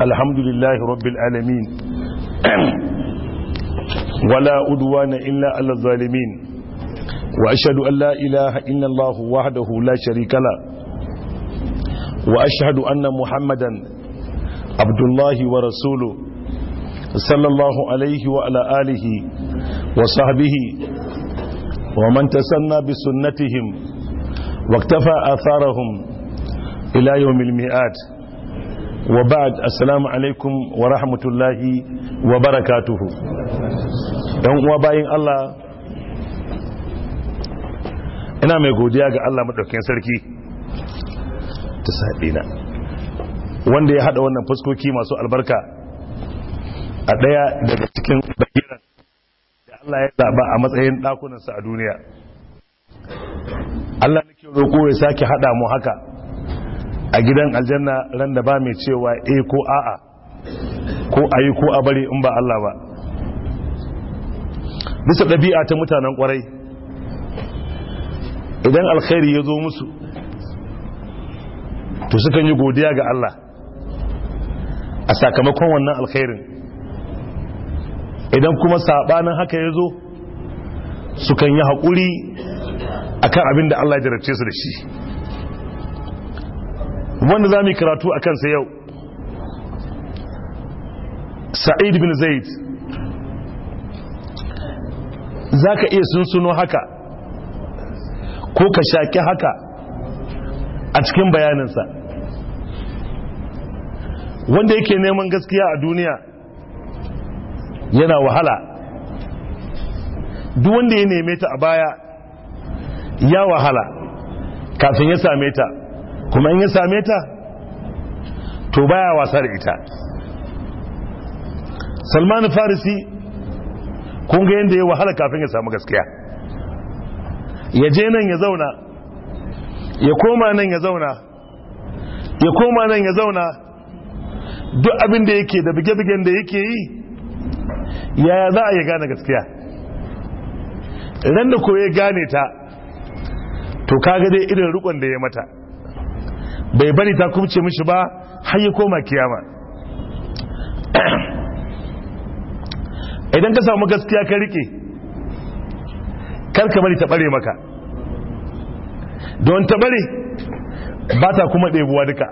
alhamdulillahi rabbil alamin wala udwana illa ala zalimin wa ashhadu an la ilaha illa wahdahu la sharika la wa ashhadu anna muhammadan abdullahi wa rasuluhu sallallahu alayhi wa ala alihi wa sahbihi wa man tasanna sunnatihim wa iktafa atharahum ila yawmil mi'at wa ba'ad assalamu alaikum wa rahmatullahi wa barakatuhu dan uwa bayin Allah ina mai godiya ga Allah madaukakin sarki ta sabina wanda ya hada wannan fuskoki masu albarka a daya daga cikin bagiran da Allah ya zaba a matsayin dakunansa a duniya Allah nake roƙo ya sake hada mu haka a gidan aljanna ran da ba mai cewa e ko a'a ko a yi ko a bari in ba Allah ba bisa ɗabi'a ta mutanen ƙwarai idan alkhairi ya zo musu to sukan yi godiya ga Allah a sakamakon wannan alkhairin idan kuma saɓanin haka ya zo sukan yi haƙuri kan abin da Allah ya jarabce su da shi wanda za mu yi karatu a kansa yau sa'id bin zaid za ka iya sunsuno haka ko ka shaƙi haka a cikin bayaninsa wanda yake neman gaskiya a duniya yana wahala duk wanda ya neme ta a baya ya wahala kafin ya same ta kuma in ya same ta to baya wasa da ita salman farisi kun ga yadda ya wahala kafin ya samu gaskiya ya je nan ya zauna ya koma nan ya zauna ya koma nan ya zauna duk abin da yake da bige-bigen da yake yi yaya za a yi gane gaskiya ran da ko ya gane ta to kaga dai irin rukon da ya mata bai bari ta kubce mishi ba har ya koma kiyama idan ka samu gaskiya ka rike ka bari ta bare maka don ta bare ba ta kuma ɗebuwa duka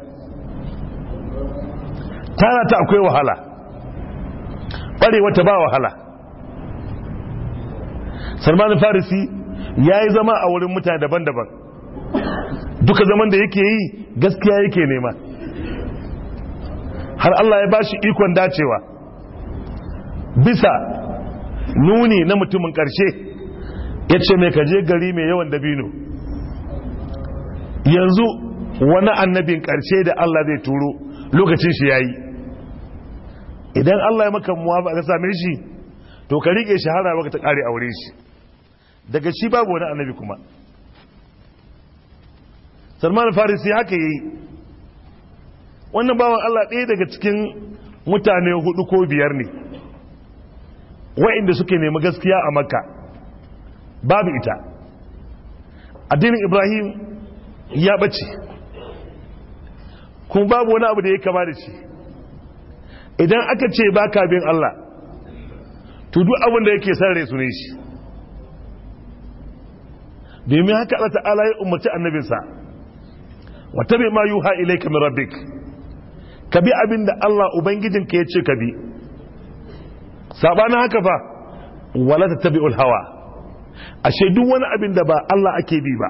tana ta akwai wahala bare ta ba wahala salman farisi ya yi zama a wurin mutane daban-daban duka zaman da yake yi gaskiya yake nema har Allah ya bashi ikon dacewa bisa nuni na mutumin karshe. ya ce mai kaje gari mai yawan dabino yanzu wani annabin karshe da Allah zai turo lokacin shi ya yi idan Allah ya maka muwafa ka same shi to ka riƙe shahara ka ta kare aure shi daga shi babu wani annabi kuma salman farisi haka yi wannan bawan allah ɗaya daga cikin mutane hudu ko biyar ne wa'inda suke nemi gaskiya a makka babu ita addinin ibrahim ya bace kuma babu wani abu da ya kama da shi idan aka ce baka bin allah to duk abin da yake sarare su ne shi domin haka allah ta'ala ya umarci annabinsa wata bai ma yuha ilaika min rabbik ka abinda Allah ubangijin ya ce ka bi sabanin haka fa wala tattabi'ul hawa ashe duk wani abin da ba Allah ake bi ba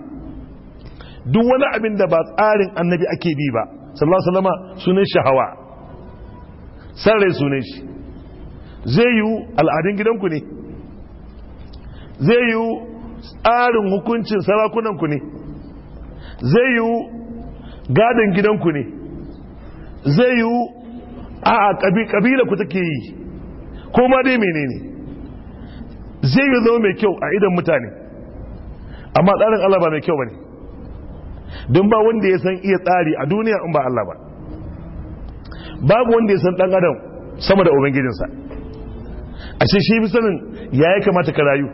duk wani abin da ba tsarin annabi ake bi ba sallallahu alaihi wasallama sunan shi hawa sarrai sunan shi zai yi al'adun gidanku ne zai yi tsarin hukuncin sarakunanku ne zai yi gadon gidanku ne zai yiwu a kabila ku take yi ko ma dai menene zai yi zama mai kyau a idan mutane amma tsarin Allah ba mai kyau ba ne don ba wanda ya san iya tsari a duniya in ba Allah ba babu wanda ya san dan adam sama da ubangijinsa ashe shi bi sanin ya ya kamata ka rayu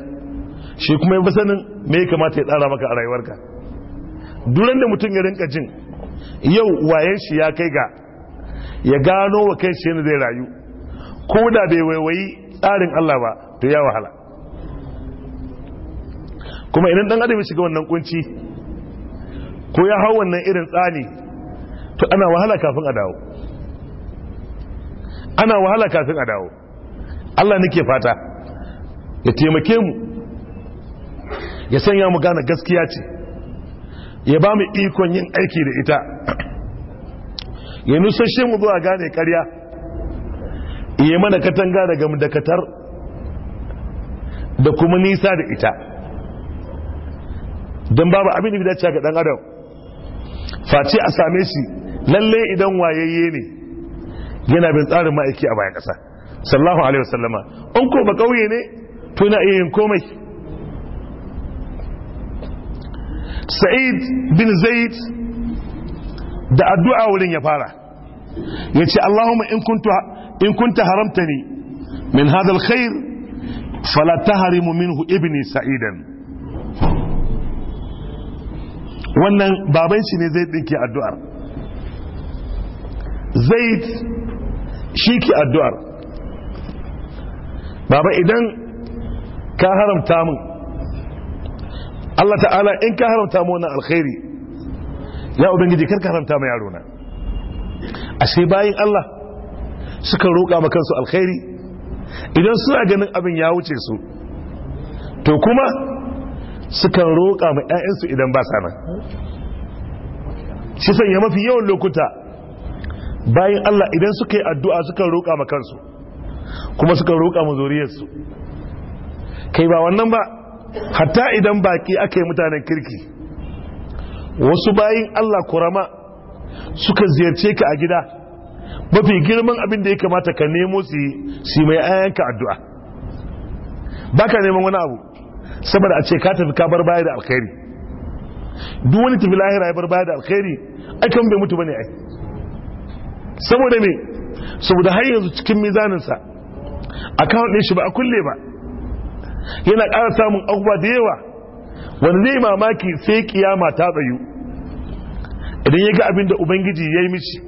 shi kuma ya bi sanin me ya kamata ya tsara maka a rayuwarka duran da mutum ya rinka jin yau waye shi ya kai ga ya gano wa kai shi yana zai rayu ko da bai waiwayi tsarin Allah ba to ya wahala kuma idan dan adam ya shiga wannan kunci ko ya hau wannan irin tsani to ana wahala kafin a dawo ana wahala kafin a dawo Allah nake fata ya taimake mu ya sanya mu gane gaskiya ce ya ba mu ikon yin aiki da ita ya nusashe mu zuwa gane karya ya mana katanga daga mudakatar da kuma nisa da ita don babu abin da bi dace ga dan adam face a same shi lalle idan wayayye ne yana bin tsarin ma'aiki a bayan ƙasa Sallahu alaihi wasallama in ko ba kauye ne to iya yin komai sa'id bin zaid da addu'a wurin ya fara ya ce allahumma in kunta haramta ne min hadal khair fala hu minhu ibni sa'idan wannan baban shi ne zai dinki addu'ar zaid shi ke addu'ar baba idan ka haramta min Allah ta'ala in ka haramta mu wannan alkhairi ya ubangiji kar ka haramta mu yaro na ashe bayin Allah suka roƙa ma kansu alkhairi idan suna ganin abin ya wuce su to kuma sukan roƙa ma su idan ba sa nan shi sanya mafi yawan lokuta bayan Allah idan suka yi addu'a sukan roƙa ma kansu kuma suka roƙa ma zuriyarsu kai ba wannan ba hatta idan baki aka yi mutanen kirki wasu bayin Allah kurama suka ziyarce ka a gida mafi girman abin da ya kamata ka nemo su yi mai ayyanka addu'a ba ka neman wani abu saboda a ce ka tafi ka bar baya da alkhairi duk wani tafi lahira ya bar baya da alkhairi akan bai mutu bane ai saboda me saboda har yanzu cikin mizaninsa account ɗin shi ba a kulle ba yana ƙara samun abubuwa da yawa wanda zai mamaki sai kiyama ta tsayu idan ya ga abin da ubangiji ya yi mishi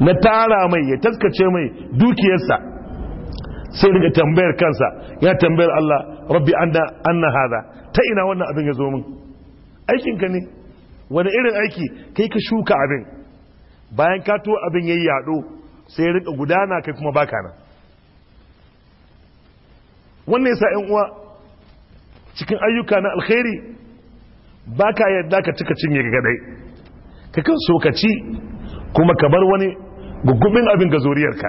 na tara mai ya taskace mai dukiyarsa sai daga tambayar kansa ya tambayar Allah rabbi an na hada ta ina wannan abin ya zo min aikinka ne wani irin aiki kai ka shuka abin bayan ka to abin ya yi yaɗo sai ya rika gudana kai kuma baka nan wannan yasa ƴan uwa cikin ayyuka na alkhairi baka yadda ka cika cinye ga gadai ka kan so ka ci kuma ka bar wani gugumin abin ga zuriyarka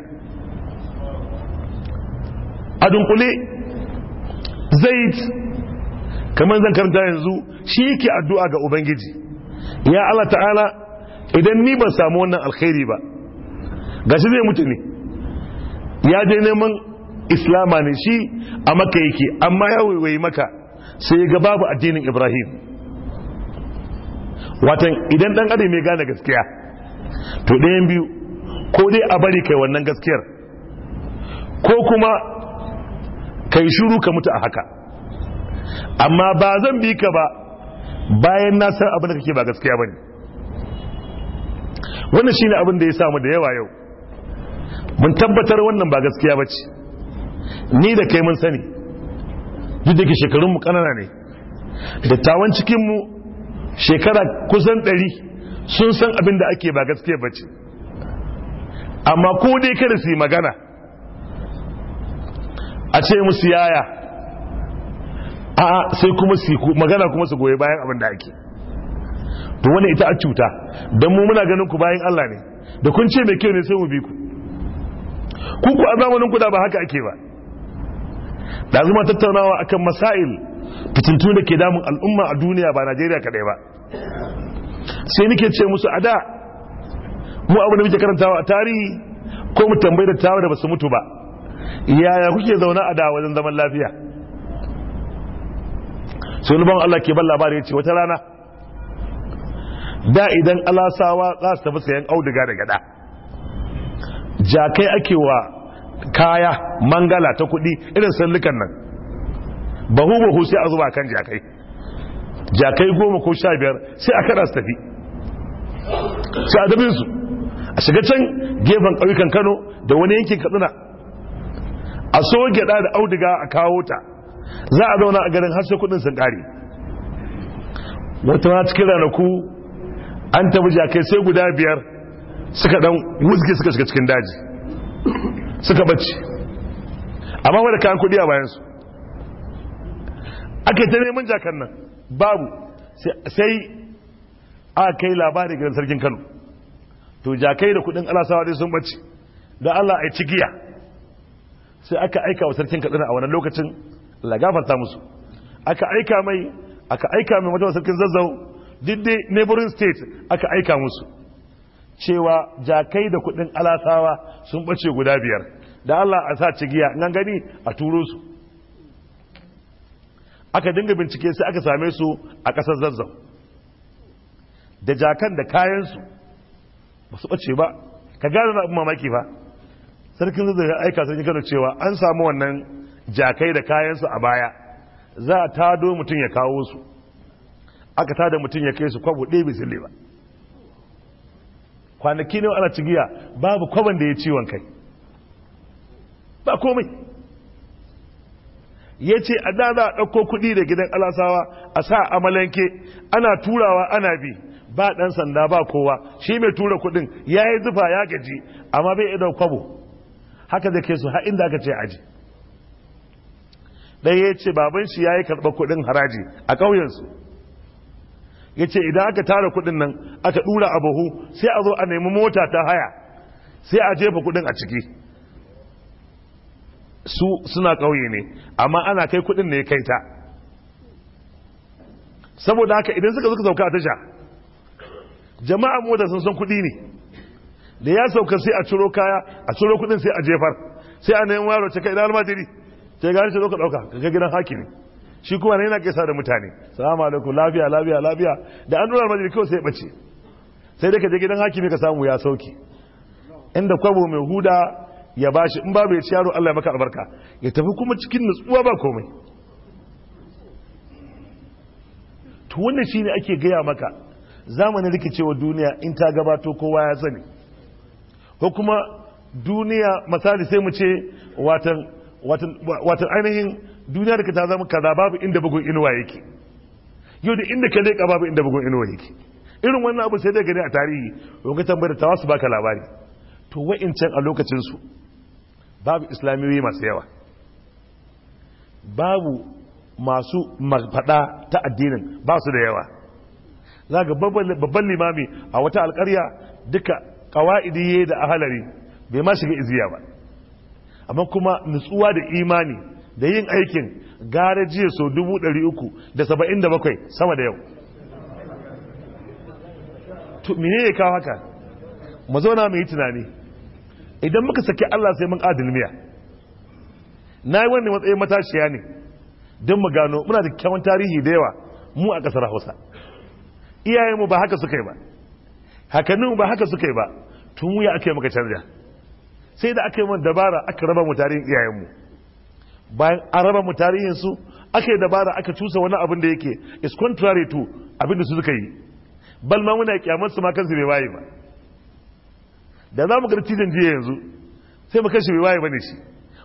a dunkule zaid kamar zan karanta yanzu shi yake addu'a ga ubangiji ya Allah ta'ala idan ni ban samu wannan alkhairi ba gashi zai mutu ne ya je neman islama ne shi a maka yake amma ya waiwayi maka sai ga babu addinin ibrahim watan idan dan adam mai gane gaskiya to ɗayan biyu ko dai a bari kai wannan gaskiyar ko kuma kai shiru ka mutu a haka amma ba zan bi ka ba bayan na san abin da kake ba gaskiya bane wannan shine abin da ya samu da yawa yau mun tabbatar wannan ba gaskiya bace ni da kai mun sani duk da ke shekarunmu kanana ne dattawan cikinmu shekara kusan ɗari sun san abin da ake ba gaskiya ba ce amma ko dai kada su yi magana a ce musu yaya a sai kuma su magana kuma su goyi bayan abin da ake to wani ita a cuta don mu muna ganin ku bayan Allah ne da kun ce mai kyau ne sai mu bi ku ku ku a ku da ba haka ake ba da zuma tattaunawa akan masail fitintu da ke damun al'umma a duniya ba najeriya kadai ba sai nike ce musu a da mu abu da muke karantawa a tarihi ko mu tambayi da tawa da basu mutu ba yaya kuke zaune a da wajen zaman lafiya sai wani Allah ke ban labari ce wata rana da idan alasawa za su tafi sayan auduga da gada jakai ake wa kaya mangala ta kuɗi irin sallukan nan bahu bahu sai a zuba kan jakai jakai goma ko sha biyar sai a kada su tafi sai a dabin su a shiga can gefen ƙauyukan kano da wani yankin katsina a so gyaɗa da auduga a kawo ta za a zauna a garin har sai kuɗin sun ƙare wata cikin ranaku an tafi jakai sai guda biyar suka dan wuzge suka shiga cikin daji suka bacci amma wadda kayan kudi a bayansu ake ta neman jakar nan babu sai aka kai labari gidan sarkin kano to jakai da kudin alasawa dai sun bacci da allah a cigiya sai aka aika wa sarkin kaduna a wannan lokacin lagafarta musu aka aika mai aka aika mai wata sarkin zazzau didde neighboring state aka aika musu cewa jakai da kudin alasawa sun bace guda biyar da Allah a sa cigiya nan gani a turo su aka dinga bincike sai aka same su a kasar zazzau da jakan da kayan ba su ɓace ba ka gane na abin mamaki ba sarkin zazzau ya aika sarkin kano cewa an samu wannan jakai da kayan su a baya za a tado mutum ya kawo su aka tada mutum ya kai su kwabu ɗaya bai ba kwanaki ne ana cigiya babu kwaban da ya ciwon kai ba komai ya ce a da za a ɗauko kuɗi da gidan alasawa a sa amalanke ana turawa ana bi ba ɗan sanda ba kowa shi mai tura kuɗin ya yi zufa ya gaji amma bai idan kwabo haka da ke su har inda aka ce aji ɗaya ya ce baban shi ya yi karɓar kuɗin haraji a ƙauyensu ya ce idan aka tara kudin nan aka dura a bahu sai a zo a nemi mota ta haya sai a jefa kudin a ciki su suna ƙauye ne amma ana kai kudin ne kai ta saboda haka idan suka suka sauka a tasha jama'a mota sun san kudi ne da ya sauka sai a ciro kaya a ciro kudin sai a jefar sai a nemi yaro cika idan almajiri sai gani ce zo ka dauka ka ga gidan hakimi shi kuma ne yana gaisa da mutane salamu alaikum lafiya lafiya lafiya da an dora almajiri kawai sai bace sai dai ka je gidan hakimi ka samu ya sauki inda kwabo mai huda ya bashi in babu ya ci yaro Allah ya maka albarka ya tafi kuma cikin nutsuwa ba komai to wannan shine ake gaya maka zamanin rikicewa duniya in ta gabato kowa ya sani ko kuma duniya misali sai mu ce watan watan ainihin da ka ta zama kaza babu inda bugun inuwa yake yau da inda ka leƙa babu inda bugun inuwa yake irin wannan abu sai dai gani a tarihi don ka tambayar ta wasu baka labari to wa'incan a lokacinsu babu islamiyoyi masu yawa babu masu fada ta addinin ba su da yawa za ga babban limami a wata alkarya duka kawa'idi da ahalari bai ma shiga iziya ba amma kuma nutsuwa da imani da yin aikin gara jiya so dubu ɗari uku da saba'in da bakwai sama da yau mene ya kawo haka mu zauna mai tunani idan muka saki Allah sai mun adilmiya na yi wani matsayin matashiya ne don mu gano muna da kyawun tarihi da yawa mu a ƙasar hausa iyayenmu ba haka suka yi ba hakanin ba haka suka yi ba tun wuya aka yi muka canja sai da aka yi mun dabara aka raba mu tarihin iyayenmu bayan an raba mu tarihin su aka yi dabara aka cusa wani abin da yake is contrary to abin da su suka yi bal ma muna kyamar su ma kansu bai waye ba da za mu ga tijan jiya yanzu sai mu kashi bai waye bane shi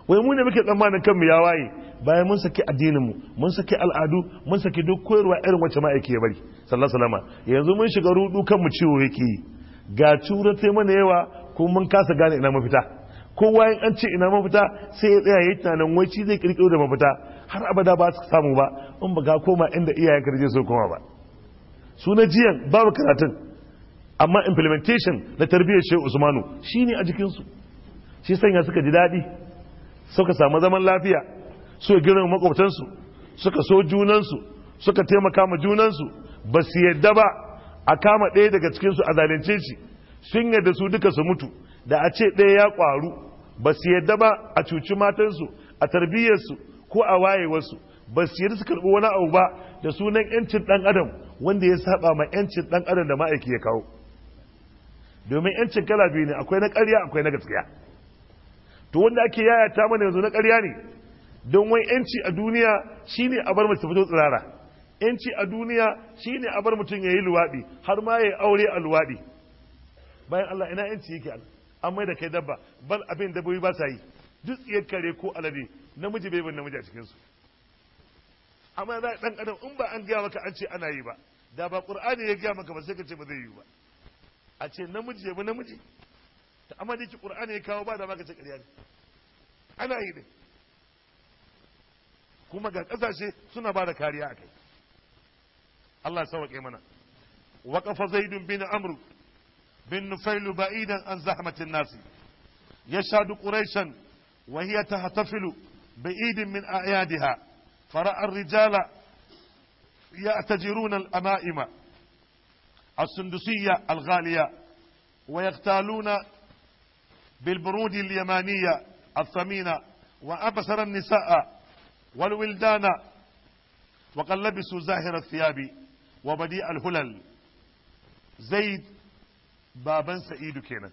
wai mu ne muke tsammanin kanmu ya waye bayan mun saki addinin mu mun saki al'adu mun saki duk koyarwa irin wacce ma yake bari sallallahu alaihi yanzu mun shiga rudu kanmu ciwo yake yi ga cura mana yawa kuma mun kasa gane ina mafita kowa in an ce ina mafita sai ya tsaya yi tunanin wai zai kirkiro da mafita har abada ba su samu ba in ba ga koma inda iyayen karje su koma ba su na jiyan babu karatun amma implementation na tarbiyyar shehu usmanu shine a jikinsu shi sanya suka ji daɗi suka samu zaman lafiya suka girma makwabtansu suka so junansu suka taimaka ma junansu ba su yadda ba a kama ɗaya daga cikinsu a zalunce shi sun yadda su duka su mutu da a ce ɗaya ya ƙwaru ba su yadda ba a cuci matansu a tarbiyyarsu ko a wayewarsu ba su yadda su karɓi wani abu ba da sunan yancin ɗan adam wanda ya saba ma yancin ɗan adam da ma'aiki ya kawo domin yancin kala biyu ne akwai na ƙarya akwai na gaskiya to wanda ake yayata mana yanzu na ƙarya ne don wai yanci a duniya shine a bar mutum fito tsirara yanci a duniya shine a bar mutum ya yi luwaɗi har ma ya yi aure a luwaɗi bayan Allah ina yanci yake Allah an mai da kai dabba bal abin bai ba sa yi duk tsiyar kare ko alade namiji bai bin namiji a cikin su amma za dan adam in ba an gaya maka an ce ana yi ba da ba qur'ani ya gaya maka ba sai ka ce ba zai yi ba a ce namiji ya bi namiji ta amma da ki qur'ani ya kawo ba da maka ce ƙarya ne ana yi ne kuma ga kasashe suna ba da kariya akai Allah ya sauke mana وقف زيد بن عمرو بن نفيل بعيدا عن زحمة الناس يشهد قريشا وهي تحتفل بعيد من أعيادها فرأى الرجال يأتجرون الأمائم السندسية الغالية ويغتالون بالبرود اليمانية الثمينة وأبصر النساء والولدان وقد لبسوا زاهر الثياب وبديع الهلل زيد baban sa'idu kenan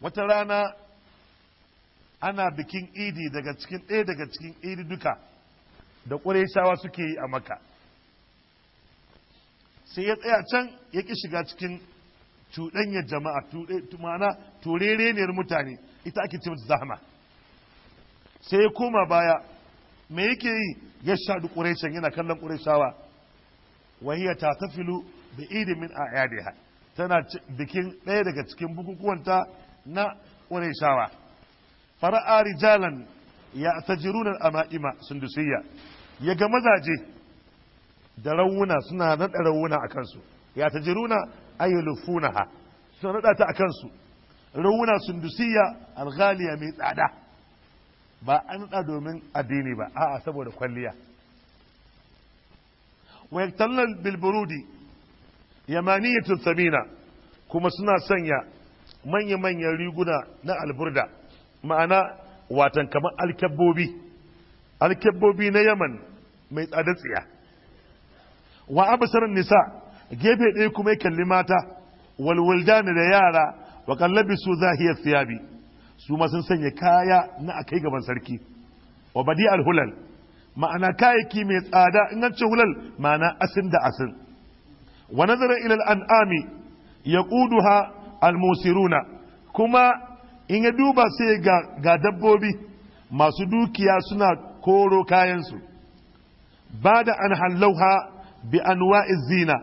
wata rana ana bikin idi daga cikin ɗaya daga cikin idi duka da ƙureshawa suke yi a maka sai ya tsaya can ya ƙi shiga cikin cuɗanyar jama'a mana turereniyar mutane ita ake ce zahama, sai ya koma baya me yake yi ya shaɗu ƙureshen yana kallon ƙureshawa wahiyar ta tafilu da idi min a yadiha tana bikin ɗaya daga cikin bukukuwanta na ƙureshawa fara'a rijalan ya tajirunan ama'ima sundusiyya ya ga mazaje da rawuna suna naɗa rawuna a kansu ya tajiruna ayyulufuna ha suna naɗa ta a kansu rawuna sundusiyya alghaliya mai tsada ba an naɗa domin addini ba a'a saboda kwalliya wa bilburudi yamaniyatun samina kuma suna sanya manya-manyan riguna na alburda ma'ana watan kamar alkabobi alkabobi na yaman mai tsada tsiya wa abasarar nisa gefe ɗaya kuma ya kalli mata walwuldani da yara wa kallabi su zahiyar siyabi su ma sun sanya kaya na a kai gaban sarki wa badi alhulal ma'ana kayayyaki mai tsada in an ce hulal ma'ana asin da asin wa nazara ila al'ami ya ƙuduha almusiruna kuma in ya duba sai ga, dabbobi masu dukiya suna koro kayansu ba da an hallauha bi anwa'iz zina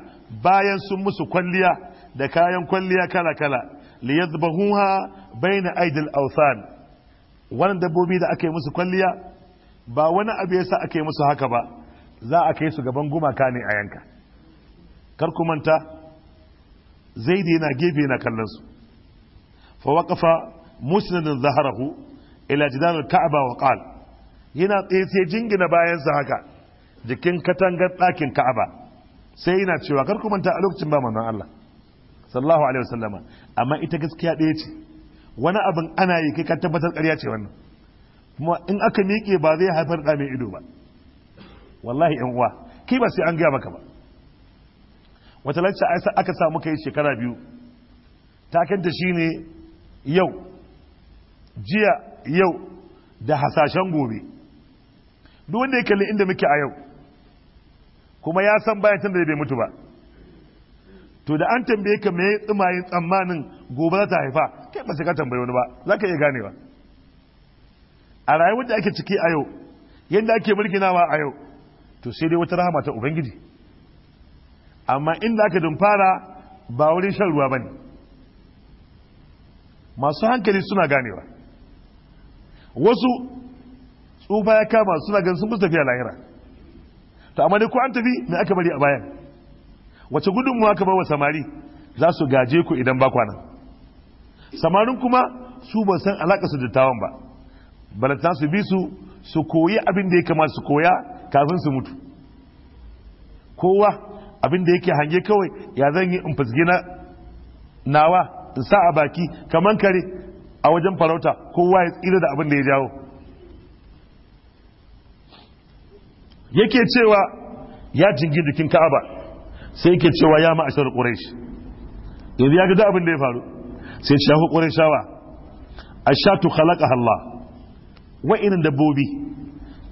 bayan sun musu kwalliya da kayan kwalliya kala-kala li yadhbahuha bayna aidil awthan wannan dabbobi da aka musu kwalliya ba wani abu yasa aka yi musu haka ba za a kai su gaban gumaka ne a yanka kar ku manta zaidi yana gefe na kallon su fa waqafa musnadin zaharahu ila jidar al wa qala yana tsaye sai jingina sa haka jikin katangar ɗakin ka'aba sai yana cewa kar ku manta a lokacin ba manzon Allah sallallahu alaihi wasallama amma ita gaskiya ɗaya ce wani abin ana yi kai ka tabbatar ƙarya ce wannan kuma in aka miƙe ba zai haifar da mai ido ba wallahi yan uwa Ki ba sai an gaya maka ba wata lacca aka samu kai shekara biyu shi ne yau jiya yau da hasashen gobe duk wanda ya kalli inda muke a yau kuma ya san bayan tun da bai mutu ba to da an tambaye ka mai tsumayin tsammanin gobe za ta haifa kai ba sai ka tambaye wani ba za ka iya ba. a rayuwar da ake ciki a yau yadda ake mulkinawa a yau to sai dai wata rahama ta ubangiji amma inda aka dumfara ba wurin shan ruwa ba ne masu hankali suna ganewa wasu tsufa ya kama suna gan sun tafiya lahira to amma ne ko an tafi me aka bari a bayan wace gudunmu aka bar wa samari za su gaje ku idan ba kwanan samarin kuma su ba san alaka su dattawan ba balanta su bi su su koyi abin da ya kamata su koya kafin su mutu kowa abin da yake hange kawai ya zan yi in nawa in sa a baki kaman kare a wajen farauta kowa ya tsira da abin ya jawo yake cewa ya jingi jikin ka'aba sai yake cewa ya ma'ashar quraish yanzu ya ga abin da ya faru sai shafi sha tu khalaqaha Allah wa'inin dabbobi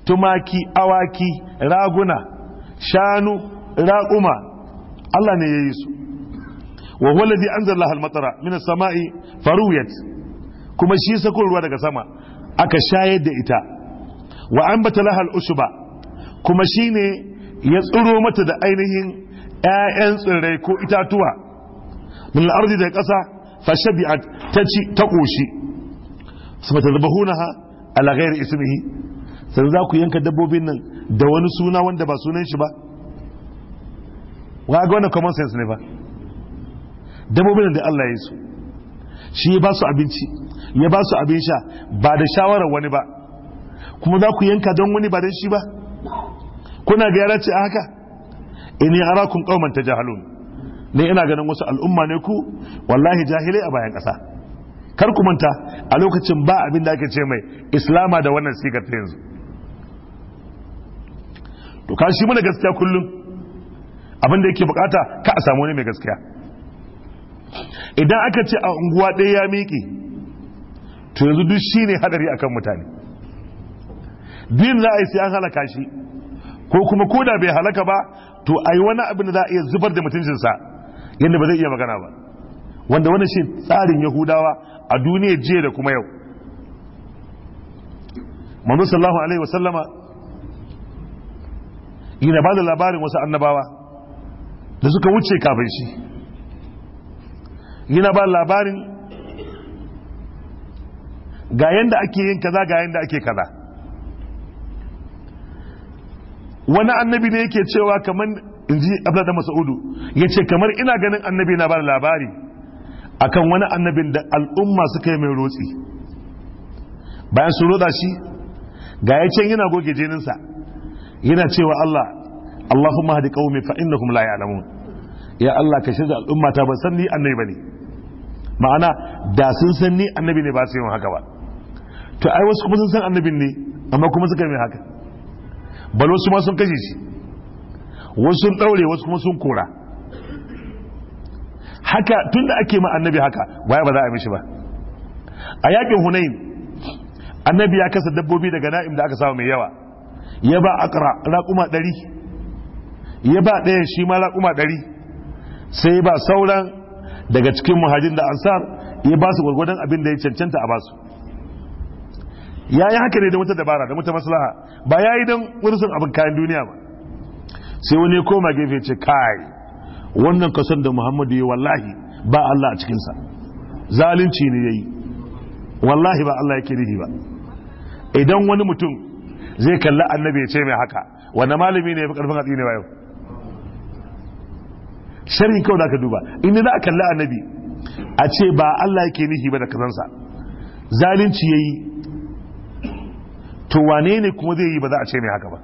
tumaki awaki raguna shanu raƙuma Allah ne ya yi su wa huwa an anzala al-matara samai faruyat kuma shi sako ruwa daga sama aka shayar da ita wa an laha al ba. kuma shine ya tsiro mata da ainihin ƴaƴan tsirrai ko itatuwa min al da ƙasa fashabi'at ta ci ta koshi sama tadbahunaha ala ghairi ismihi sai za ku yanka dabbobin nan da wani suna wanda ba sunan shi ba wa ga wannan common sense ne ba dabbobin da Allah ya yi su shi ya ba su abinci ya ba su abin sha ba da shawarar wani ba kuma za ku yanka don wani ba don shi ba kuna ga yara ce a haka ini arakum qauman tajahalun ne ina ganin wasu al'umma ne ku wallahi jahilai a bayan ƙasa kar ku manta a lokacin ba abin da ake ce mai islama da wannan sigar ta yanzu to ka shi mana gaskiya kullum abin da yake bukata ka a samu wani mai gaskiya idan aka ce a unguwa ɗaya ya miƙe to yanzu duk shi ne haɗari a kan mutane din za a yi sai an halaka shi ko kuma ko da bai halaka ba to a yi wani abin da za a iya zubar da mutuncinsa yadda ba zai iya magana ba wanda wani shi tsarin yahudawa a duniya jiya da kuma yau manzo sallallahu alaihi wasallama yana ba da labarin wasu annabawa da suka wuce kafin shi yana ba labarin ga yanda ake yin kaza ga yanda ake kaza wani annabi ne yake cewa kamar in ji abla da masaudu yace kamar ina ganin annabi na ba labari akan wani annabin da al'umma suka yi mai rotsi bayan su rotsa shi ga ya yana goge sa, yana cewa Allah Allahumma hadi qaumi fa innahum la ya'lamun ya Allah ka shirya al'umma ta ban san ni annabi bane ma'ana da sun san ni annabi ne ba su yin haka ba to ai wasu kuma sun san annabin ne amma kuma suka mai haka bal wasu ma sun kashe shi wasu sun daure wasu kuma sun kora haka tunda ake ma annabi haka baya ba za a mishi ba a yakin hunain annabi ya kasa dabbobi daga na'im da aka samu mai yawa ya ba akra raƙuma ɗari ya ba ɗaya shi ma raƙuma ɗari sai ba sauran daga cikin muhajin da ansar ya ba su gwargwadon abin da ya cancanta a basu ya yi haka ne da wata dabara da wata maslaha ba ya yi don wursun abin kayan duniya ba sai wani ya koma gefe ce kai wannan kason da muhammadu ya wallahi ba allah a cikinsa zalunci ne ya yi wallahi ba allah ke nihi ba idan wani mutum zai kalli annabi ya ce mai haka wani malami ne ya fi karfin hatsi ne ba yau sharhi kawai da aka duba in za a kalli annabi a ce ba Allah yake nihi ba da kazansa zalunci ya yi to wane ne kuma zai yi ba za a ce mai haka ba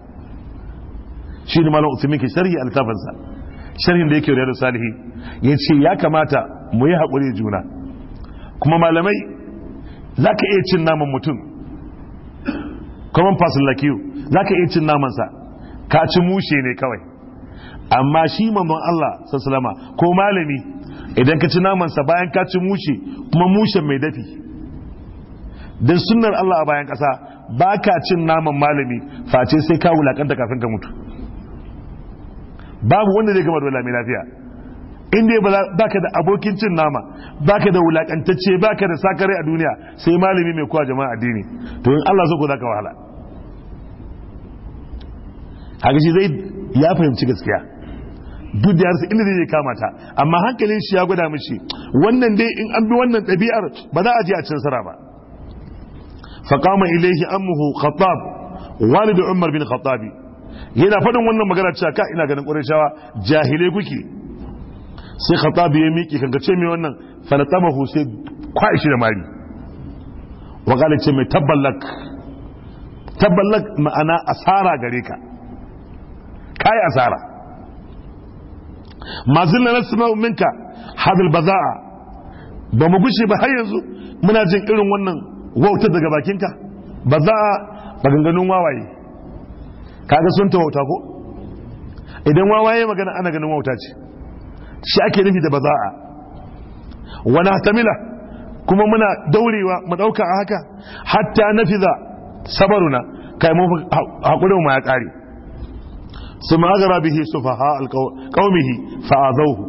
shi ne malam usmin ke sharhi littafansa sharhin da yake da salihi ya ce ya kamata mu yi haƙuri juna kuma malamai za ka iya cin naman mutum common person like you za ka iya cin namansa ka ci mushe ne kawai amma shi manzon Allah sallama ko malami idan ka ci naman sa bayan ka ci mushe kuma mushen mai dafi dan sunnar Allah a bayan kasa ba ka cin naman malami face sai ka wulakanta kafin ka mutu babu wanda zai gama dole mai lafiya in dai ba ka da abokin cin nama ba ka da wulakantacce ba ka da sakare a duniya sai malami mai kowa jama'a addini to in Allah zai ko za ka wahala haka shi zai ya fahimci gaskiya duk da yarsa inda zai kama ta amma hankalin shi ya gwada mishi wannan dai in an bi wannan ɗabi'ar ba za a je a cin sara ba faqama ilayhi ammuhu khattab walid umar bin khattab yana faɗin wannan magana cewa ka ina ganin qurayshawa jahilai kuke sai khattab ya miƙe kanka ce me wannan fa natamahu sai kwaishi da mari wa ce mai tabballak tabballak ma'ana asara gare ka kai asara ma zilla nasma'u minka hadal baza'a ba mu gushe ba har yanzu muna jin irin wannan wautar daga bakinka baza'a maganganun wawaye kaga sun ta wauta ko idan wawaye magana ana ganin wauta ce shi ake nufi da baza'a wani hatamila kuma muna daurewa mu ɗauka a haka hatta na fiza sabaruna kai mu hakuri mu ya kare su ma'azara bihi su faha alƙaumihi fa'azauhu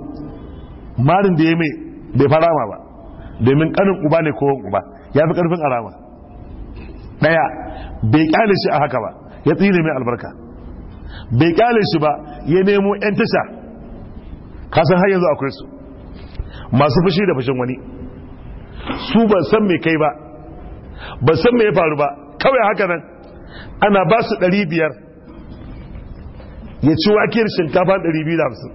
marin da ya mai bai ma ba domin ƙanin uba ne kowon uba ya fi ƙarfin arama ɗaya bai ƙyale shi a haka ba ya tsine mai albarka bai ƙyale shi ba ya nemo 'yan tasha kasan har yanzu akwai su masu fushi da fushin wani su ba san mai kai ba ba san mai faru ba kawai haka nan ana ba su ɗari biyar ya ci wakil da shinkafa 250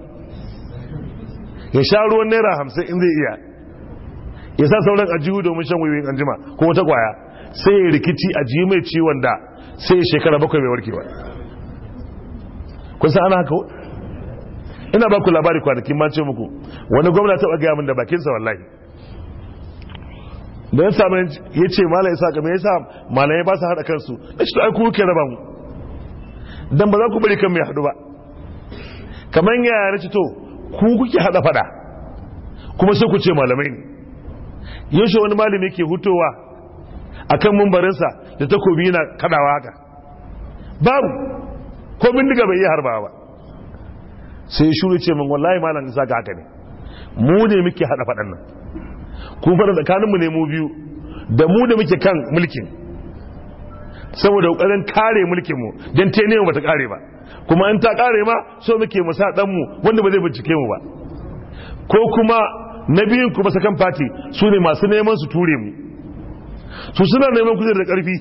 ya sha ruwan naira 50 in zai iya ya sa sauran ajiyu domin shan wuyoyin anjima ko wata kwaya sai ya rikici ajiyu mai ciwon da sai ya shekara bakwai mai warkewa kun san ana haka ina ba ku labari kwanakin ma ce muku wani gwamna taɓa gaya min da bakinsa wallahi da ya sami ya ce malam ya sa kamar ya sa malam ya ba su haɗa kansu ya shi ai aiki kuke raba mu dan ba za ku bari kan mai hadu ba kamar yaya na to ku kuke haɗa faɗa kuma sai ku ce malamai ne yaushe wani malami ke hutowa akan kan mumbarinsa da takobi na kaɗawa haka babu ko bindiga bai yi harba ba sai shuru ce min wallahi malam isa ga haka ne mu ne muke haɗa faɗan nan kun faɗa tsakaninmu ne mu biyu da mu da muke kan mulkin saboda ƙoƙarin kare mulkin mu dan te ne bata kare ba kuma in ta kare ma so muke mu sa dan mu wanda ba zai bincike mu ba ko kuma na biyun kuma sakan fati su ne masu neman su ture mu su suna neman kujerar da karfi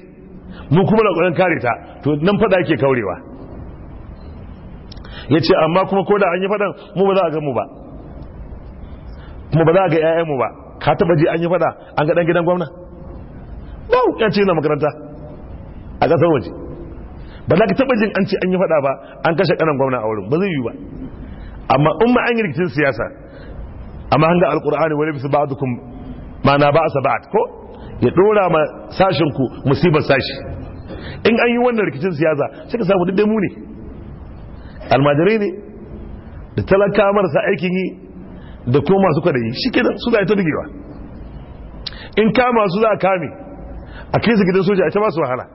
mu kuma da ƙoƙarin kare ta to nan fada yake kaurewa yace amma kuma ko da an yi fadan mu ba za a ga mu ba kuma ba za a ga 'ya'yan mu ba ka taba ji an yi fada an ga dan gidan gwamna ba ya na makaranta a kasar waje ba za ka taɓa jin an ce an yi faɗa ba an kashe kanan gwamna a wurin ba zai yi ba amma in ma an yi rikicin siyasa amma hanga alkur'ani wani bisa ba'dukum ma'ana ba sa ba'd ko ya ɗora ma sashen ku musibar sashi in an yi wannan rikicin siyasa sai ka samu duk muni almajirai ne da talaka marasa aikin yi da kuma masu yi shi ke su za a ta dugewa in kama su za a kame a kai su gidan soja a ta su wahala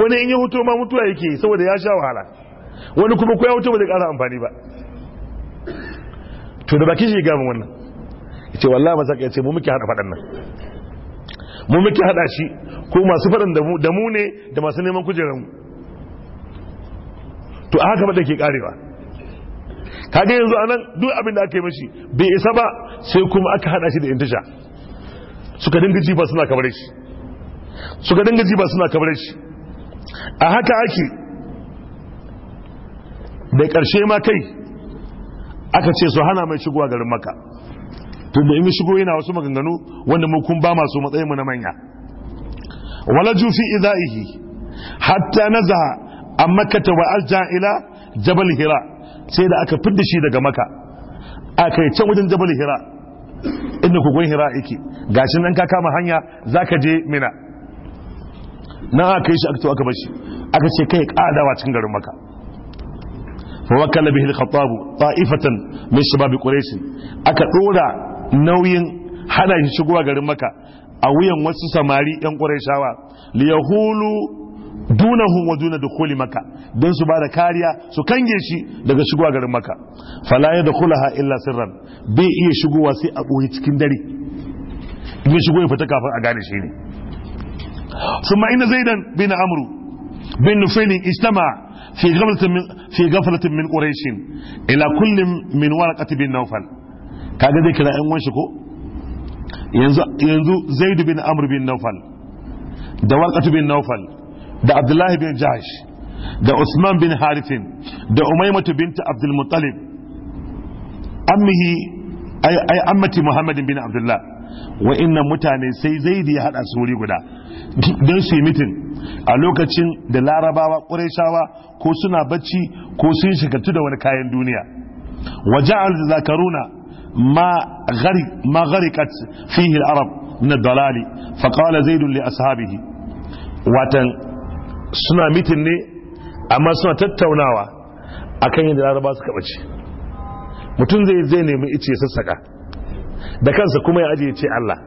wani in yi hutu ma mutuwa yake saboda ya sha wahala wani kuma ko ya hutu ba zai ƙara amfani ba to da baki shi gami wannan ya ce wallah masaka ya ce mu muke haɗa faɗan nan mu muke haɗa shi ko masu faɗan da mu ne da masu neman kujerar mu to a haka maɗa ke ƙarewa kaga yanzu anan duk abin da aka yi mashi bai isa ba sai kuma aka haɗa shi da intisha suka dinga jifa suna kamar shi suka dinga jifa suna kamar shi a haka ake da ƙarshe ma kai aka ce su hana mai shigowa garin maka tun da in shigo yana wasu maganganu wanda mu kun ba masu matsayin mu na manya wala jufi idaihi hatta nazaha an makata wa alja ila jabal hira sai da aka fidda shi daga maka aka yi can wajen jabal hira inda kogon hira yake gashin nan ka kama hanya zaka je mina na aka yi shi aka to aka bashi aka ce kai kadawa cikin garin maka fa wakala bihi al-khattab ta'ifatan min shabab quraish aka dora nauyin hada shi shigowa garin maka a wuyan wasu samari yan quraishawa li yahulu dunahu wa duna dukhuli maka dan su bada kariya su kange shi daga shigowa garin maka fala yadkhulaha illa sirran bai iya shigowa sai a boye cikin dare in shigo ya fita kafin a gane shi ne ثم إن زيدا بن عمرو بن نفيل اجتمع في غفلة من في غفلة من قريش إلى كل من ورقة بن نوفل كذا ذيك لا أن وشكو ينزو زيد بن عمرو بن نوفل ده ورقة بن نوفل ده عبد الله بن جعش ده عثمان بن حارث ده أميمة بنت عبد المطلب أمه أي أي أمة محمد بن عبد الله وإن متاني سي زيد يحد أسوري قدا don su yi mitin a lokacin da larabawa ƙurayshawa ko suna bacci ko sun shigattu da wani kayan duniya wajen zakaruna ma gari garikat fihi arab na dalali faƙawala zaidun li ashabihi watan suna mitin ne amma suna tattaunawa akan yadda laraba suka bace mutum zai zai nemi ice sassaka da kansa kuma ya ajiye ce Allah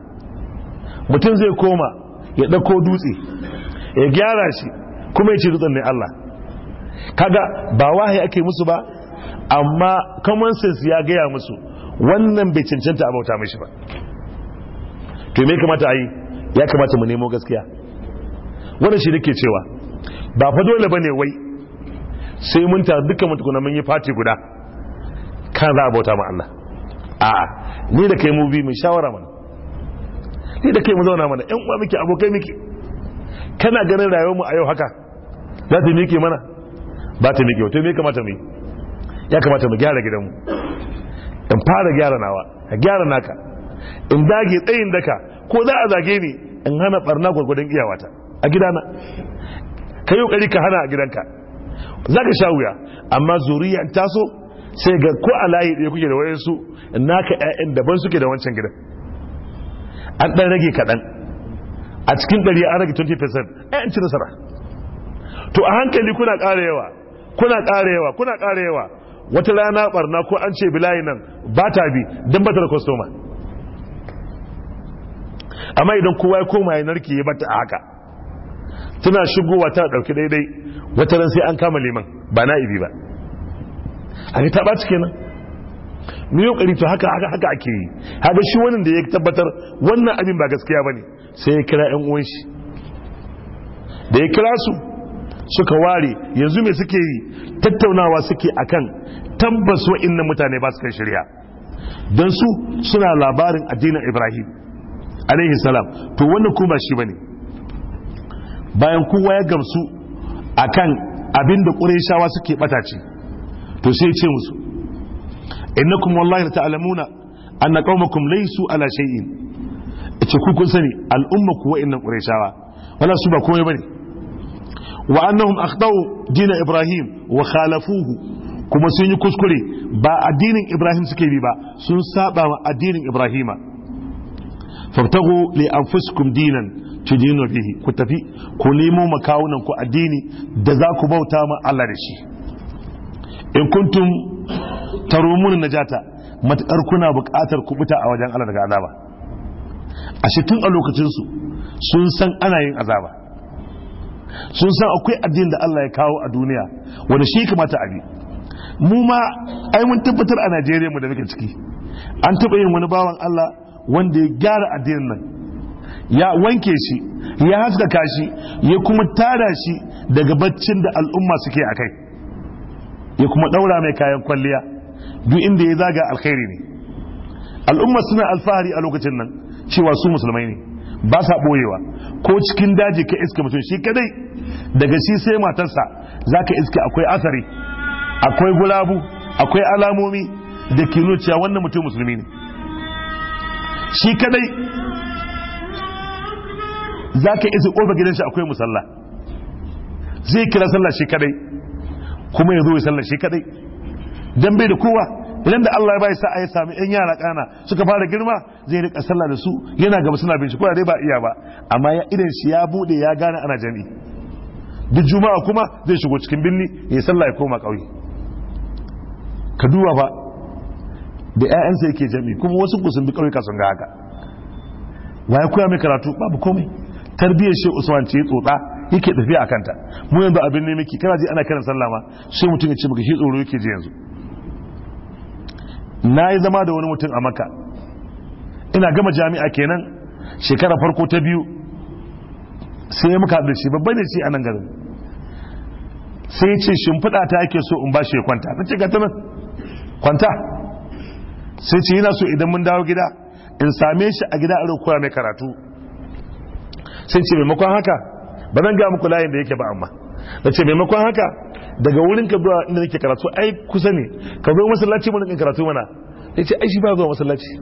mutum zai koma ya ɗauko dutse ya gyara shi kuma ya ce dutsen ne Allah kaga ba wahayi ake musu ba amma common sense ya gaya musu wannan bai cancanta a bauta mashi ba to me kamata a yi ya kamata mu nemo gaskiya wannan shi nake cewa ba fa dole ne wai sai mun duka dukkan mutukuna mun yi fati guda kan za a bauta ma Allah 'a ni da kai mu bi mu shawara mana ni da kai mu zauna mana yan uwa muke abokai muke kana ganin rayuwar mu a yau haka za ta miƙe mana ba ta miƙe wato me kamata mu yi ya kamata mu gyara gidanmu in fara gyara nawa a gyara naka in dage tsayin daka ko za a zage ni in hana barna gwargwadon iyawata a gidana ka yi kokari ka hana a gidanka za ka sha wuya amma zuriya in taso sai ga ko a layi ɗaya kuke da wayansu naka 'ya'yan daban suke da wancan gidan an ɗan rage kaɗan a cikin ɗari an rage 20% ɗan eh, ci nasara to a hankali kuna ƙara yawa kuna ƙara yawa kuna ƙara yawa wata rana barna ko an ce bilayi nan ba ta bi don ba ta da kwastoma amma idan kowa ya koma ya narki ya bata a haka tana shigowa ta ɗauki daidai wata ran sai an kama liman ba na ibi ba a ta cike nan. mu yi kokari to haka haka haka ake yi haka shi wannan da ya tabbatar wannan abin ba gaskiya bane sai ya kira yan uwan shi da ya kira su suka ware yanzu me suke yi tattaunawa suke akan tabbas wa'annan mutane ba su kan shirya don su suna labarin addinin ibrahim alaihi salam to wannan kuma shi bane bayan kowa ya gamsu akan abinda da suke ɓata ce to sai ce musu innakum wallahi ta'lamuna anna qaumakum laysu ala shay'in ce ku kun sani al'umma ku wa'annan qurayshawa wala su ba komai bane wa annahum akhtau dina ibrahim wa khalafuhu kuma sun yi kuskure ba addinin ibrahim suke bi ba sun saba wa addinin ibrahima fabtagu li anfusikum dinan tudinu bihi ku tafi ku nemo makawunan ku addini da za ku bauta ma Allah da shi in kuntum na najata matakar kuna buƙatar kubuta a wajen Allah daga azaba a tun a lokacin sun san ana yin azaba sun san akwai addinin da Allah ya kawo a duniya wanda shi kamata a bi mu ma ai mun tabbatar a Najeriya mu da muke ciki an taba yin wani bawan Allah wanda ya gyara addinin nan ya wanke shi ya haska kashi ya kuma tada shi daga baccin da al'umma suke a kai ya kuma ɗaura mai kayan kwalliya duk inda ya zaga alkhairi ne al'umma suna alfahari a lokacin nan cewa su musulmai ne ba sa boyewa ko cikin daji ka iska mutum shi kadai daga shi sai matarsa za ka iska akwai asari akwai gulabu akwai alamomi da ke cewa wannan mutum musulmi ne shi kadai za ka isa ƙofa shi akwai musalla zai kira sallah shi kadai kuma ya zo ya sallah shi kadai dan bai da kowa idan da Allah ya bai sa ya sami yan yara kana suka fara girma zai rika sallah da su yana gaba suna bin shi dai ba iya ba amma ya idan shi ya bude ya gane ana jami duk juma'a kuma zai shigo cikin binni ya sallah ya koma kauye ka duba ba da ƴaƴansa yake jami kuma wasu ku sun bi ka sun ga haka wa ya koya mai karatu babu komai tarbiyyar shi Usman ce tsotsa yake tafiya akan ta mu yanzu abin ne miki kana ji ana kiran sallama sai mutum ya ce maka shi tsoro yake ji yanzu na yi zama da wani mutum a maka ina gama jami'a kenan shekara farko ta biyu sai muka haɗu shi babban ne shi a nan garin sai ce shimfiɗa ta ake so in ba shi kwanta na ce ga nan kwanta sai ce yana so idan mun dawo gida in same shi a gida a koya mai karatu sai ce maimakon haka ba zan ga muku layin da yake ba amma da ce maimakon haka daga wurin ka zuwa inda nake karatu ai kusa ne ka zo masallaci mu rinka karatu mana yace ai shi ba zuwa masallaci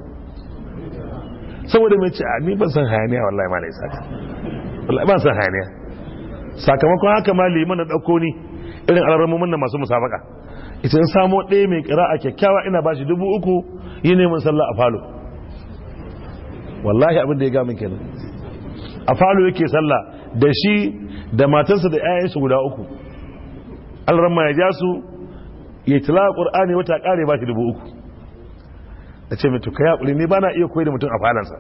saboda mai ce a ni ban san hayaniya wallahi ma na isa ka wallahi ban san hayaniya sakamakon haka ma liman na dauko ni irin alarramumin nan masu musabaka ita in samo ɗaya mai a kyakkyawa ina ba shi dubu uku yi neman sallah a falo wallahi abin da ya gamin kenan a falo yake sallah da shi da matarsa da 'ya'yansu guda uku alramma ya ja su ya tilawa qur'ani wata ƙare ba shi dubu uku da ce mai to kai ne ba na iya koyar da mutum a falansa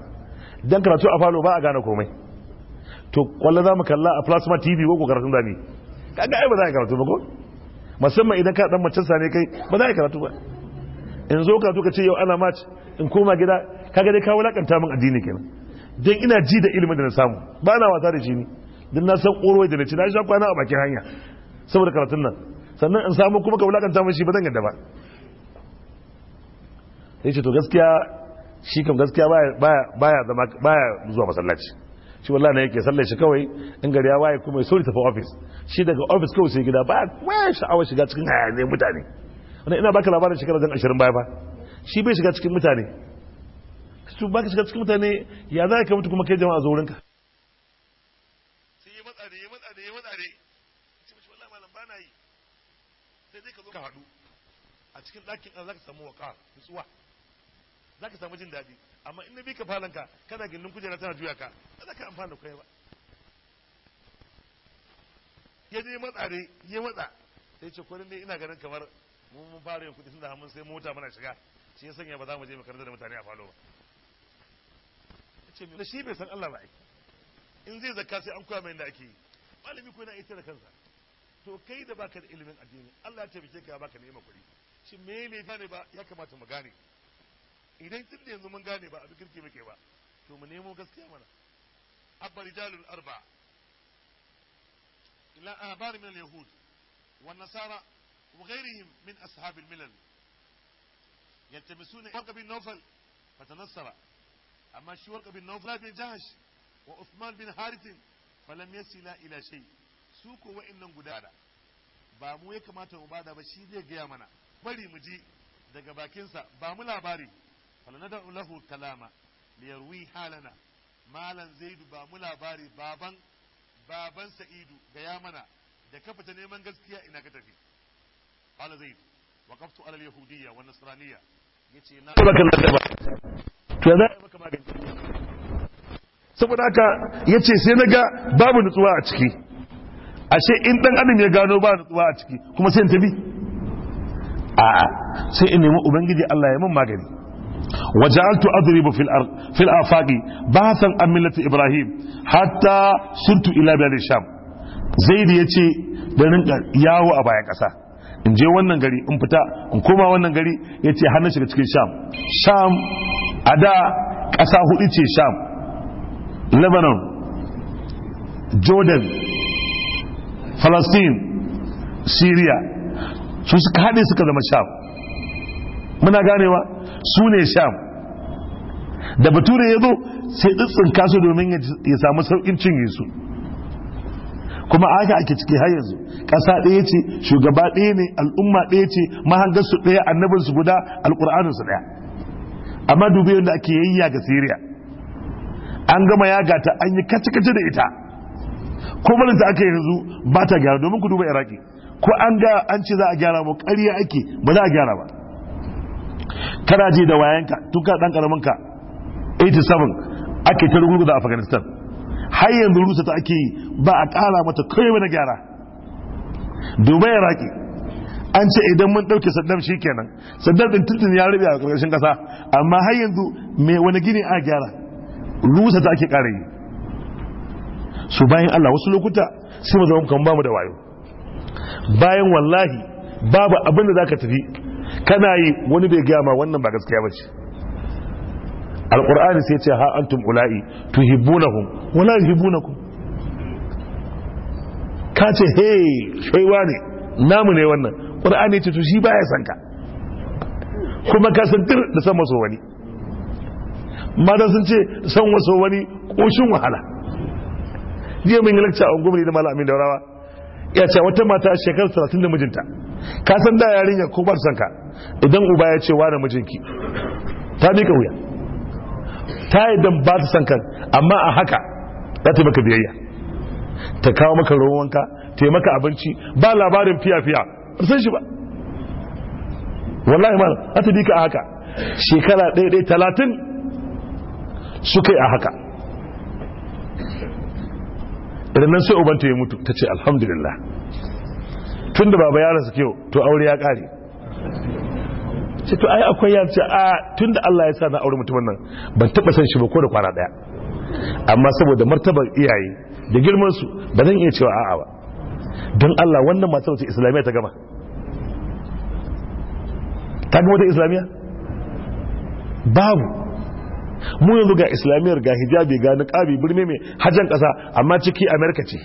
dan karatu a falo ba a gane komai to kwallo za mu kalla a plasma tv ko ko karatun zami kaga ai ba za a karatu ba ko musamman idan ka dan macen ne kai ba za a karatu ba in zo karatu ka ce yau ana mace in koma gida kaga dai ka wulakanta min addini kenan don ina ji da ilimin da na samu ba na wasa da shi ne don na san ƙoro da na ci na shi kwana a bakin hanya saboda karatun nan sannan in samu kuma ka wulakanta mun shi ba zan yadda ba sai ce to gaskiya shi kam gaskiya baya baya zama baya zuwa masallaci shi wallahi ne yake sallar shi kawai in gari ya waye kuma ya sauri tafi office shi daga office kawai sai gida baya ya sha'awar shiga cikin hayaniyar mutane wannan ina baka labarin shekarar jan ashirin baya ba shi bai shiga cikin mutane su baka shiga cikin mutane ya za ka mutu kuma kai jama'a zo wurinka cikin ɗakin Allah zaka samu waƙa nutsuwa zaka samu jin daɗi amma in bi ka falanka kana gindin kujera tana juya ka ba ka amfani da kwaya ba ya je matsa ne ya matsa sai ce kwanin ne ina ganin kamar mun mun fara yin kuɗi tun da hamun sai mota mana shiga shi ya sanya ba za mu je makarantar da mutane a falo ba ce mai shi bai san Allah ba in zai zakka sai an koya mai da ake yi malami ko yana ita da kansa to kai da baka da ilimin addini Allah ya tabbace ka ya baka neman kuɗi shi me bai gane ba ya kamata mu gane idan tun da yanzu mun gane ba a kirki muke ba to mu nemo gaskiya mana abba rijalul arba ila abar min yahud wan nasara wa ghayrihim min ashab al-milal يلتمسون ورقة بن نوفل فتنصر أما شي ورقة بن نوفل بن جهش وعثمان بن ba mu ya kamata mu bada ba shi zai gaya mana bari mu ji daga bakinsa ba mu labari falanada lahu kalama liyarwi halana malam zaidu ba mu labari baban baban sa'idu gaya mana da ka fita neman gaskiya ina ka tafi qala zaid waqaftu ala al-yahudiyya wa nasraniyya yace na baka da ba to za a baka magani saboda haka yace sai naga babu nutsuwa a ciki ashe in dan adam ya gano ba nutsuwa a ciki kuma sai in tafi a'a sai in nemi ubangiji Allah ya mun magani وجعلت أضرب في الأرض في Ibrahim بحثا عن ملة إبراهيم حتى صرت إلى بلاد الشام زيد da دنن yawo a baya ƙasa in je wannan gari in fita in koma wannan gari ya ce na shiga cikin sham sham a da ƙasa hudu ce sham lebanon jordan falastin syria su suka haɗe suka zama sham muna ganewa su ne sham da bature ya zo sai tsitsinka su domin ya samu saukin cinye su kuma aka ake ciki har yanzu ƙasa ɗaya ce shugaba ɗaya ne al'umma ɗaya ce mahangarsu ɗaya annabinsu guda alƙur'aninsu ɗaya amma dubi yadda ake yayya ga siriya an gama ya gata an yi kace-kace da ita ko da aka yanzu ba ta gyara domin ku duba iraki ko an ga an ce za a gyara ba ƙarya ake ba za a gyara ba kana ji da wayanka tun ka dan karamin ka 87 ake ta da afghanistan har yanzu rusa ta ake yi ba a ƙara mata kai na gyara dubai iraki an ce idan mun ɗauke saddam shi kenan saddam ɗin tuntun ya rabe a ƙarƙashin ƙasa amma har yanzu mai wani gini a gyara rusa ta ake ƙara yi su bayan allah wasu lokuta sai mu zama kan mu da wayo bayan wallahi babu abin da za ka tafi kana yi wani bai gama wannan ba gaskiya ba ce alƙur'ani sai ce ha antum ula'i tuhibbunahum na yuhibbunakum ka ce he shaiwa ne namu ne wannan ƙur'ani ce to shi baya san ka kuma ka san dir da san maso wani mata sun ce san maso wani ƙoshin wahala jiya mun yi lakca a gwamnati da malamin daurawa ya ce wata mata shekarar talatin da mijinta ka san da yarinya ko ba sanka idan uba ya ce wa mijinki ta mika wuya ta yi don ba ta san amma a haka za ta maka biyayya ta kawo maka ruwan wanka ta yi maka abinci ba labarin fiya-fiya san shi ba wallahi ma za ta bi ka a haka shekara ɗaya ɗaya talatin suka yi a haka idan nan sai ubanta ya mutu ta ce alhamdulillah tun da baba ya rasu kyau to aure ya kare ce to ai akwai ya ce a tun da Allah ya sa na aure mutumin nan ban taba san shi ba ko da kwana daya amma saboda martabar iyaye da girman su ba zan iya cewa a'a ba don Allah wannan matar wace islamiyya ta gama ta gama ta islamiyya babu mu yanzu ga islamiyar ga hijabi ga niqabi birni mai hajjan kasa amma ciki america ce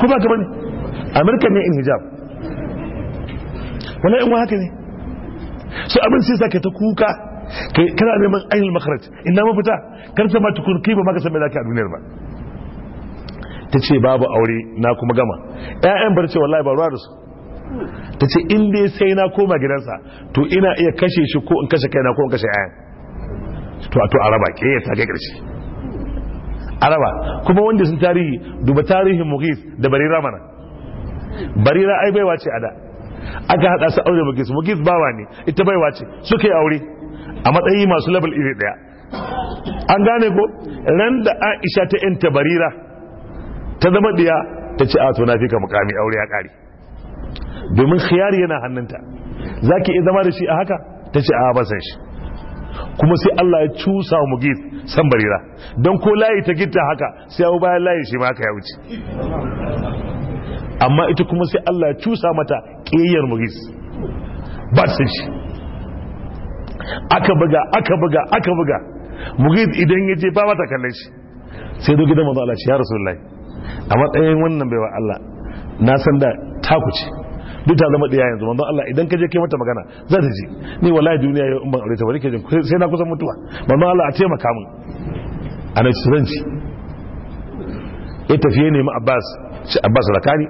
kuma ka bane america ne in hijab wala in haka ne so abin sai sake ta kuka kana neman ainihin makaraj ina mafita karfe ma tukun kai ba maka san me a duniyar ba ta ce babu aure na kuma gama ƴaƴan bar ce wallahi ruwa da su ta ce in dai sai na koma gidansa to ina iya kashe shi ko in kashe kaina ko in kashe ƴaƴan to a to ke ta kai karshe araba kuma wanda sun tarihi duba tarihin mughis da barira mana barira ai baiwa ce ada aka hada su aure mughis mughis bawa ne ita baiwa ce suka yi aure a matsayi masu level iri daya an gane ko ran da aisha ta yanta barira ta zama diya ta ce a to na fi ka mukami aure ya kare domin khiyari yana hannunta zaki iya zama da shi a haka ta ce a ba san shi kuma sai Allah ya cusa mu mugis san barira don ko layi ta gitta haka sai au bayan layi shi ma ya wuce amma ita kuma sai Allah ya cusa mata ƙeyar mugis ba san shi aka buga aka buga aka buga mugis idan ya je ba mata kallon shi sai zo gidan mazu shi ya rasu a matsayin wannan baiwa Allah na san da taku ce duk ta zama ɗaya yanzu manzon Allah idan ka je kai mata magana za ta ji ni wallahi duniya yau in ban aure ta bari nake jin sai na kusa mutuwa manzon Allah a taimaka min a nan shiranci ya tafiye nemi Abbas shi Abbas rakani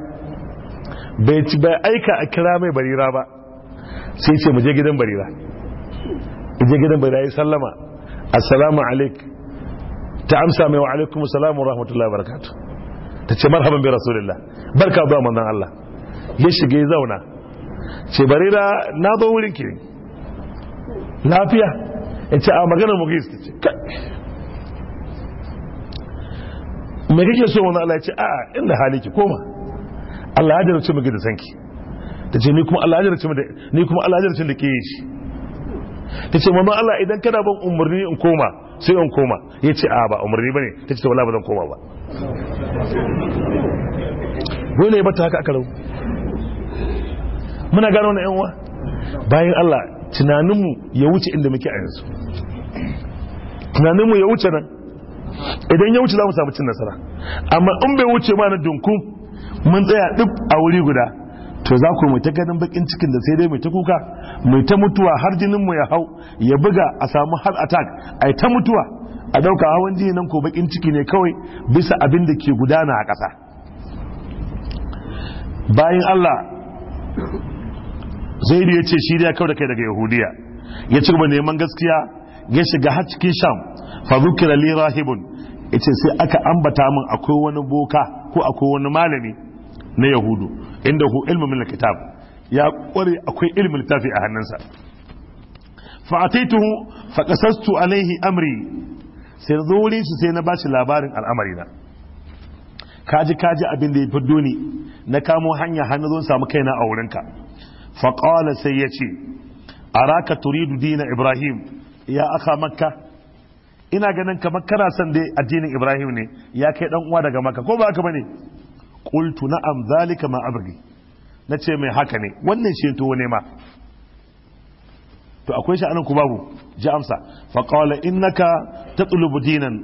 bai ci bai aika a kira mai barira ba sai ce mu je gidan barira je gidan barira ya sallama assalamu alaik ta amsa mai wa alaikum assalamu rahmatullahi barakatuh ta ce marhaban bi rasulillah barka zuwa manzon Allah ya shiga ya zauna ce barira na zo wurin kiri lafiya ya ce a maganar mu gaisu ce mai kake so wani Allah ya ce a inda hali ki koma Allah ya mu miki da sanki ta ce ni kuma Allah ya jarabce da ni kuma Allah ya jarabce da ke yi shi ta ce mamman Allah idan kana ban umarni in koma sai in koma ya ce a ba umarni bane ta ce wala ba zan koma ba dole ya bata haka aka rau muna gano na yan bayan Allah tunaninmu ya wuce inda muke a yanzu tunaninmu ya wuce nan idan ya wuce za mu samu cin nasara amma in bai wuce ma na dunku mun tsaya duk a wuri guda to za ku mai ta ganin bakin cikin da sai dai mai ta kuka mai ta mutuwa har jinin mu ya hau ya buga a samu heart attack ai ta mutuwa a dauka hawan jini nan ko bakin ciki ne kawai bisa abin da ke gudana a ƙasa bayan Allah zaidu ya ce shi ya kawo da kai daga yahudiya ya ci gaba neman gaskiya ya shiga har cikin sham fa zukira li rahibun yace sai aka ambata min akwai wani boka ko akwai wani malami na yahudu inda hu ilmin min kitab ya kware akwai ilmin littafi a hannunsa fa ataituhu fa qasastu alaihi amri sai zo wurin sai na bashi labarin al'amari na kaji kaji abin da ya fiddo na kamo hanya hannu zan samu kaina a wurinka faƙala sai ya ce araka turidu dina ibrahim ya aka makka ina ganin kamar kana son dai addinin ibrahim ne ya kai dan uwa daga makka ko ba haka bane qultu na'am zalika ma abri nace mai haka ne wannan shi to ne ma to akwai shi anan ku babu ji amsa fa qala innaka tatlubu dinan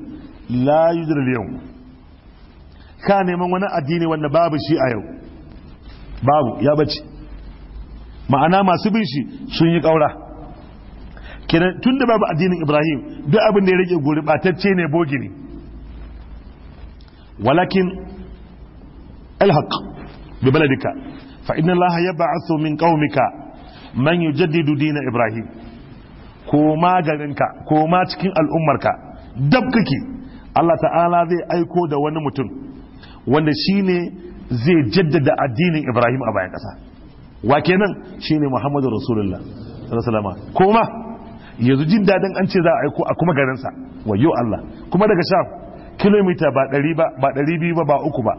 la yudri al ka neman wani addini wanda babu shi a yau babu ya bace ma'ana masu bin shi sun yi ƙaura kenan tun da babu addinin ibrahim duk abin da ya rage batacce ne bogi ne walakin alhaq bi baladika fa inna allah yab'athu min qaumika man yujaddidu dina ibrahim koma garinka koma cikin al'ummarka dab kake allah ta'ala zai aiko da wani mutum wanda shine zai jaddada addinin ibrahim a bayan ƙasa wa kenan shine muhammadu rasulullah sallallahu alaihi kuma yanzu jin dadin an ce za a aiko a kuma garinsa wayo Allah kuma daga sha kilomita ba ɗari ba ba 200 ba ba uku ba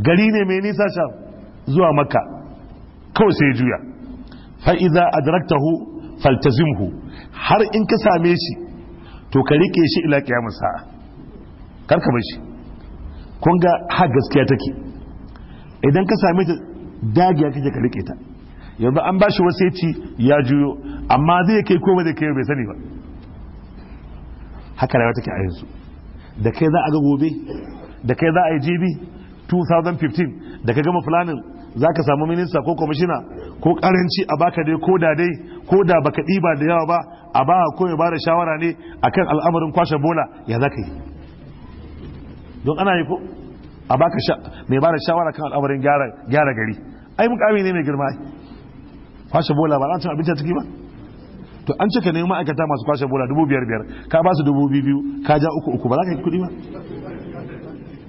gari ne mai nisa sha zuwa makka kawai sai juya Faiza a adraktahu faltazimhu har in ka same shi to ka rike shi ila kiyamun sa'a karka bar shi kun ga har gaskiya take idan ka same ta dagiya kake ka rike ta yanzu an ba bashi wasaici ya juyo amma zai kai ko zai kai bai sani ba haka rayuwa take a yanzu da kai za a ga gobe da kai za a yi jibi 2015 da ka gama planning za ka samu minista ko kwamishina ko karanci a baka dai ko da dai ko da baka ɗiba da yawa ba a ba ko ya ba da shawara ne akan al'amarin kwashe bola ya za ka yi don ana yi ko a baka mai bada shawara kan al'amarin gyara gari ai mukami ne mai girma kwashe bola ba cin abinci a ciki ba to an cika ne ma'aikata masu kwashe bola dubu biyar biyar ka ba su dubu biyu biyu ka ja uku uku ba za ka yi kuɗi ba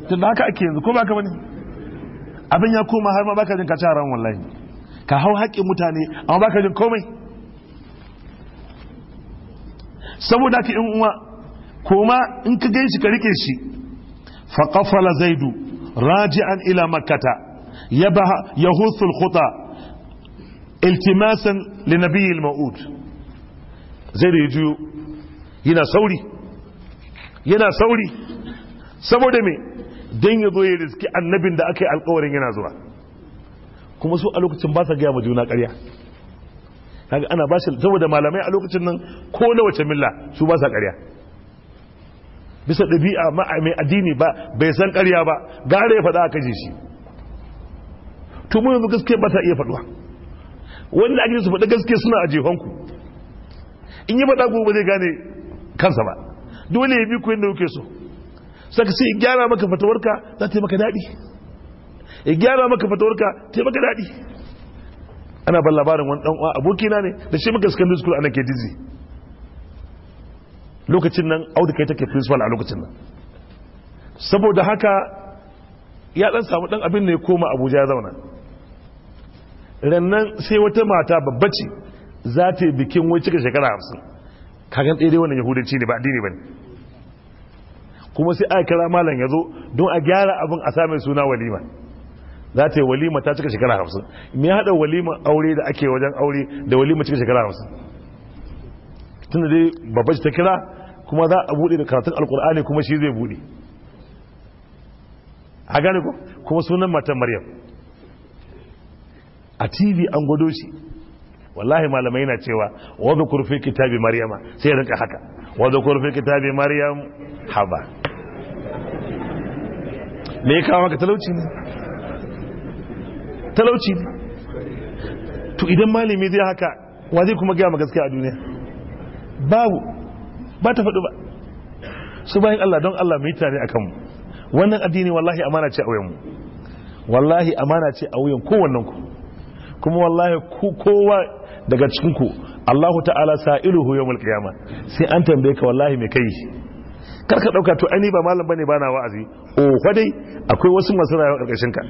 tun da haka ake yanzu ko ba ka bane abin ya koma har ma ba ka jin ka ci haram wallahi ka hau haƙƙin mutane amma ba ka jin komai saboda ka yi uwa koma in ka gan shi ka rike shi faƙafala zaidu راجعا إلى مكة يهث الخطى التماسا لنبي الموعود zai da juyo yana sauri yana sauri saboda me don ya zo ya riski annabin da aka yi alkawarin yana zuwa kuma su a lokacin ba sa gaya ma juna karya kaga ana ba saboda malamai a lokacin nan ko na wace milla su ba sa karya bisa ɗabi'a mai addini ba bai san ƙarya ba gare ya faɗa aka ji shi to mun yanzu gaske ba ta iya faɗuwa wanda ake su faɗa gaske suna a jefanku in yi faɗa gobe zai gane kansa ba dole ya bi ku yadda kuke so saka sai ya gyara maka fatawarka za ta yi maka daɗi ya gyara maka fatawarka ta yi maka daɗi ana ban labarin wani ɗan'uwa abokina ne da shi maka skandal school a nake dizi lokacin nan audu kai take principal a lokacin nan saboda haka ya dan samu dan abin ne koma abuja ya zauna rannan sai wata mata babba ce za ta yi bikin wai cika shekara hamsin kagan ɗaya wannan yahudanci ne ba addini ba ne kuma sai aka kira malam ya zo don a gyara abin a samun suna walima za ta yi walima ta cika shekara hamsin me ya haɗa walima aure da ake wajen aure da walima cika shekara hamsin tunda dai babba ta kira kuma za a bude da karatun alkur'ani kuma shi zai bude a gane ko kuma sunan matan maryam a tv an gwado shi wallahi malamai yana cewa wadda kurfi kitabi maryama sai ya rinka haka wadda kurfi kitabi maryam haba me ya kawo maka talauci ne talauci ne to idan malami zai haka wa zai kuma gaya ma gaskiya a duniya babu ba ta faɗi ba su bayan Allah don Allah mai tare a kanmu wannan addini wallahi amana ce a wuyanmu wallahi amana ce a wuyan kowannanku. kuma wallahi kowa daga cikinku, ku Allahu ta'ala sa'iluhu yawmul qiyama sai an tambaye ka wallahi me kai kar ka dauka to ani ba malam bane bana wa'azi oh dai akwai wasu masu rayuwa karkashin ka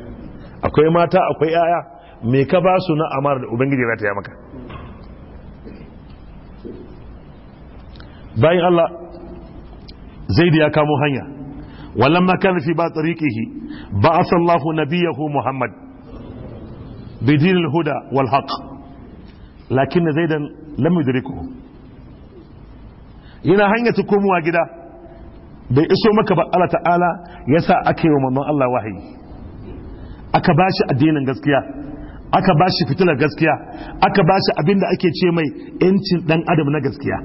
akwai mata akwai yaya me ka ba su na amara da ubangiji za ta yi maka bayan Allah da ya kamo hanya walamma kana fi ba tariqihi ba'atha Allahu nabiyahu Muhammad bidin al-huda wal haqq lakin zaidan lam yudrikuhu yana hanya ta komowa gida bai iso maka ba Allah ta'ala yasa ake wa manzon Allah wahayi aka bashi addinin gaskiya aka bashi fitilar gaskiya aka ba shi abinda ake ce mai yancin dan adam na gaskiya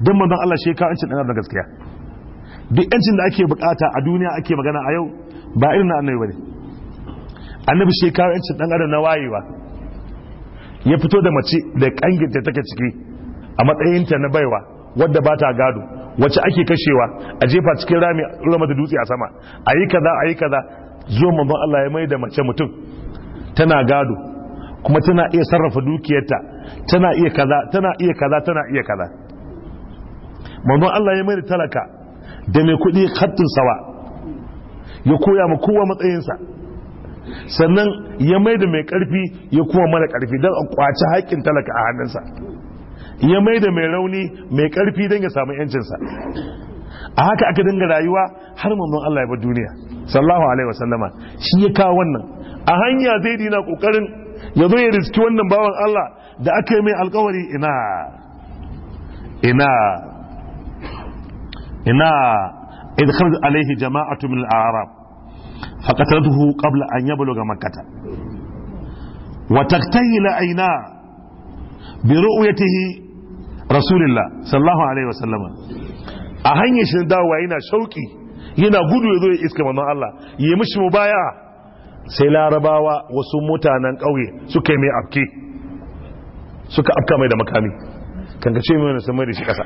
don mazan Allah shi ya yancin ɗan adam gaskiya duk yancin da ake bukata a duniya ake magana a yau ba irin na annabi bane annabi shi ya yancin ɗan adam na wayewa ya fito da mace da kanginta take ciki a matsayinta na baiwa wadda ba ta gado wacce ake kashewa a jefa cikin rami rama da dutse a sama a yi kaza a yi kaza zuwa mazan Allah ya mai da mace mutum tana gado kuma tana iya sarrafa dukiyarta tana iya kaza tana iya kaza tana iya kaza manzon Allah ya mai talaka da mai kuɗi hattun sawa ya koya ma kowa matsayinsa sannan ya mai da mai ƙarfi ya kuma mara ƙarfi don a kwaci haƙƙin talaka a hannunsa ya mai da mai rauni mai ƙarfi don ya samu yancinsa a haka aka dinga rayuwa har manzon Allah ya bar duniya sallallahu alaihi wasallama shi ya kawo wannan a hanya zai dina kokarin ya zo ya riski wannan bawan Allah da aka yi mai alkawari ina ina ina idh kharaj alaihi jama'atu min al-a'rab faqatalatuhu qabla an yabluga makkah wa taqtahila aina bi ru'yatihi rasulillah sallallahu alaihi wasallam a hanyar shi dawowa yana shauƙi? yana gudu ya zo ya iska manzon Allah ya mishi baya? sai larabawa wasu mutanen ƙauye suka yi mai afke suka afka mai da makami kan ka ce mai wani sun da shi ƙasa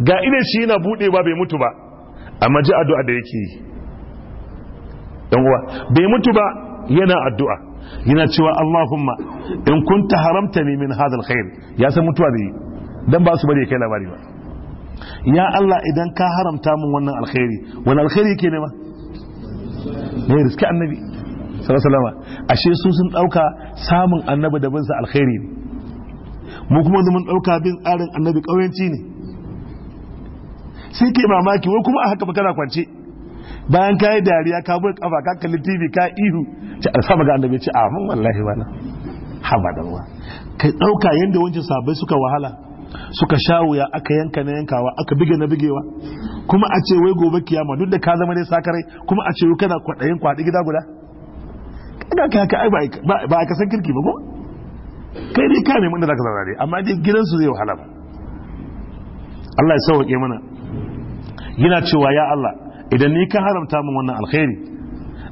ga ina shi yana ba bai mutu ba amma ji addu'a da yake yi dan uwa bai mutu ba yana addu'a yana cewa Allahumma in kunta haramta ni min hadal khair ya san mutuwa ne yi dan ba su bari kai labari ba ya Allah idan ka haramta min wannan alkhairi wani alkhairi yake nema ne riski annabi sallallahu alaihi ashe su sun dauka samun annabi da bin sa alkhairi ne mu kuma mun dauka bin tsarin annabi kauyanci ne sai ke mamaki wai kuma a haka ba kana kwance bayan ka yi dariya ka bai kafa ka kalli tv ka ihu ta alsama ga annabi ce a ah, mun wallahi wala haba da ruwa kai dauka yanda wancan sabai suka wahala suka shawuya aka yanka na yankawa aka bige na bigewa kuma a ce wai gobe kiyama duk da ka zama dai sakarai kuma a ce wai kana kwaɗayin kwaɗi gida guda kada ka haka ba a kasan kirki ba ko kai dai ka ne mun za ka zauna dai amma dai gidansu zai wahala ba Allah ya sauke mana yana cewa ya Allah idan ni ka haramta min wannan alkhairi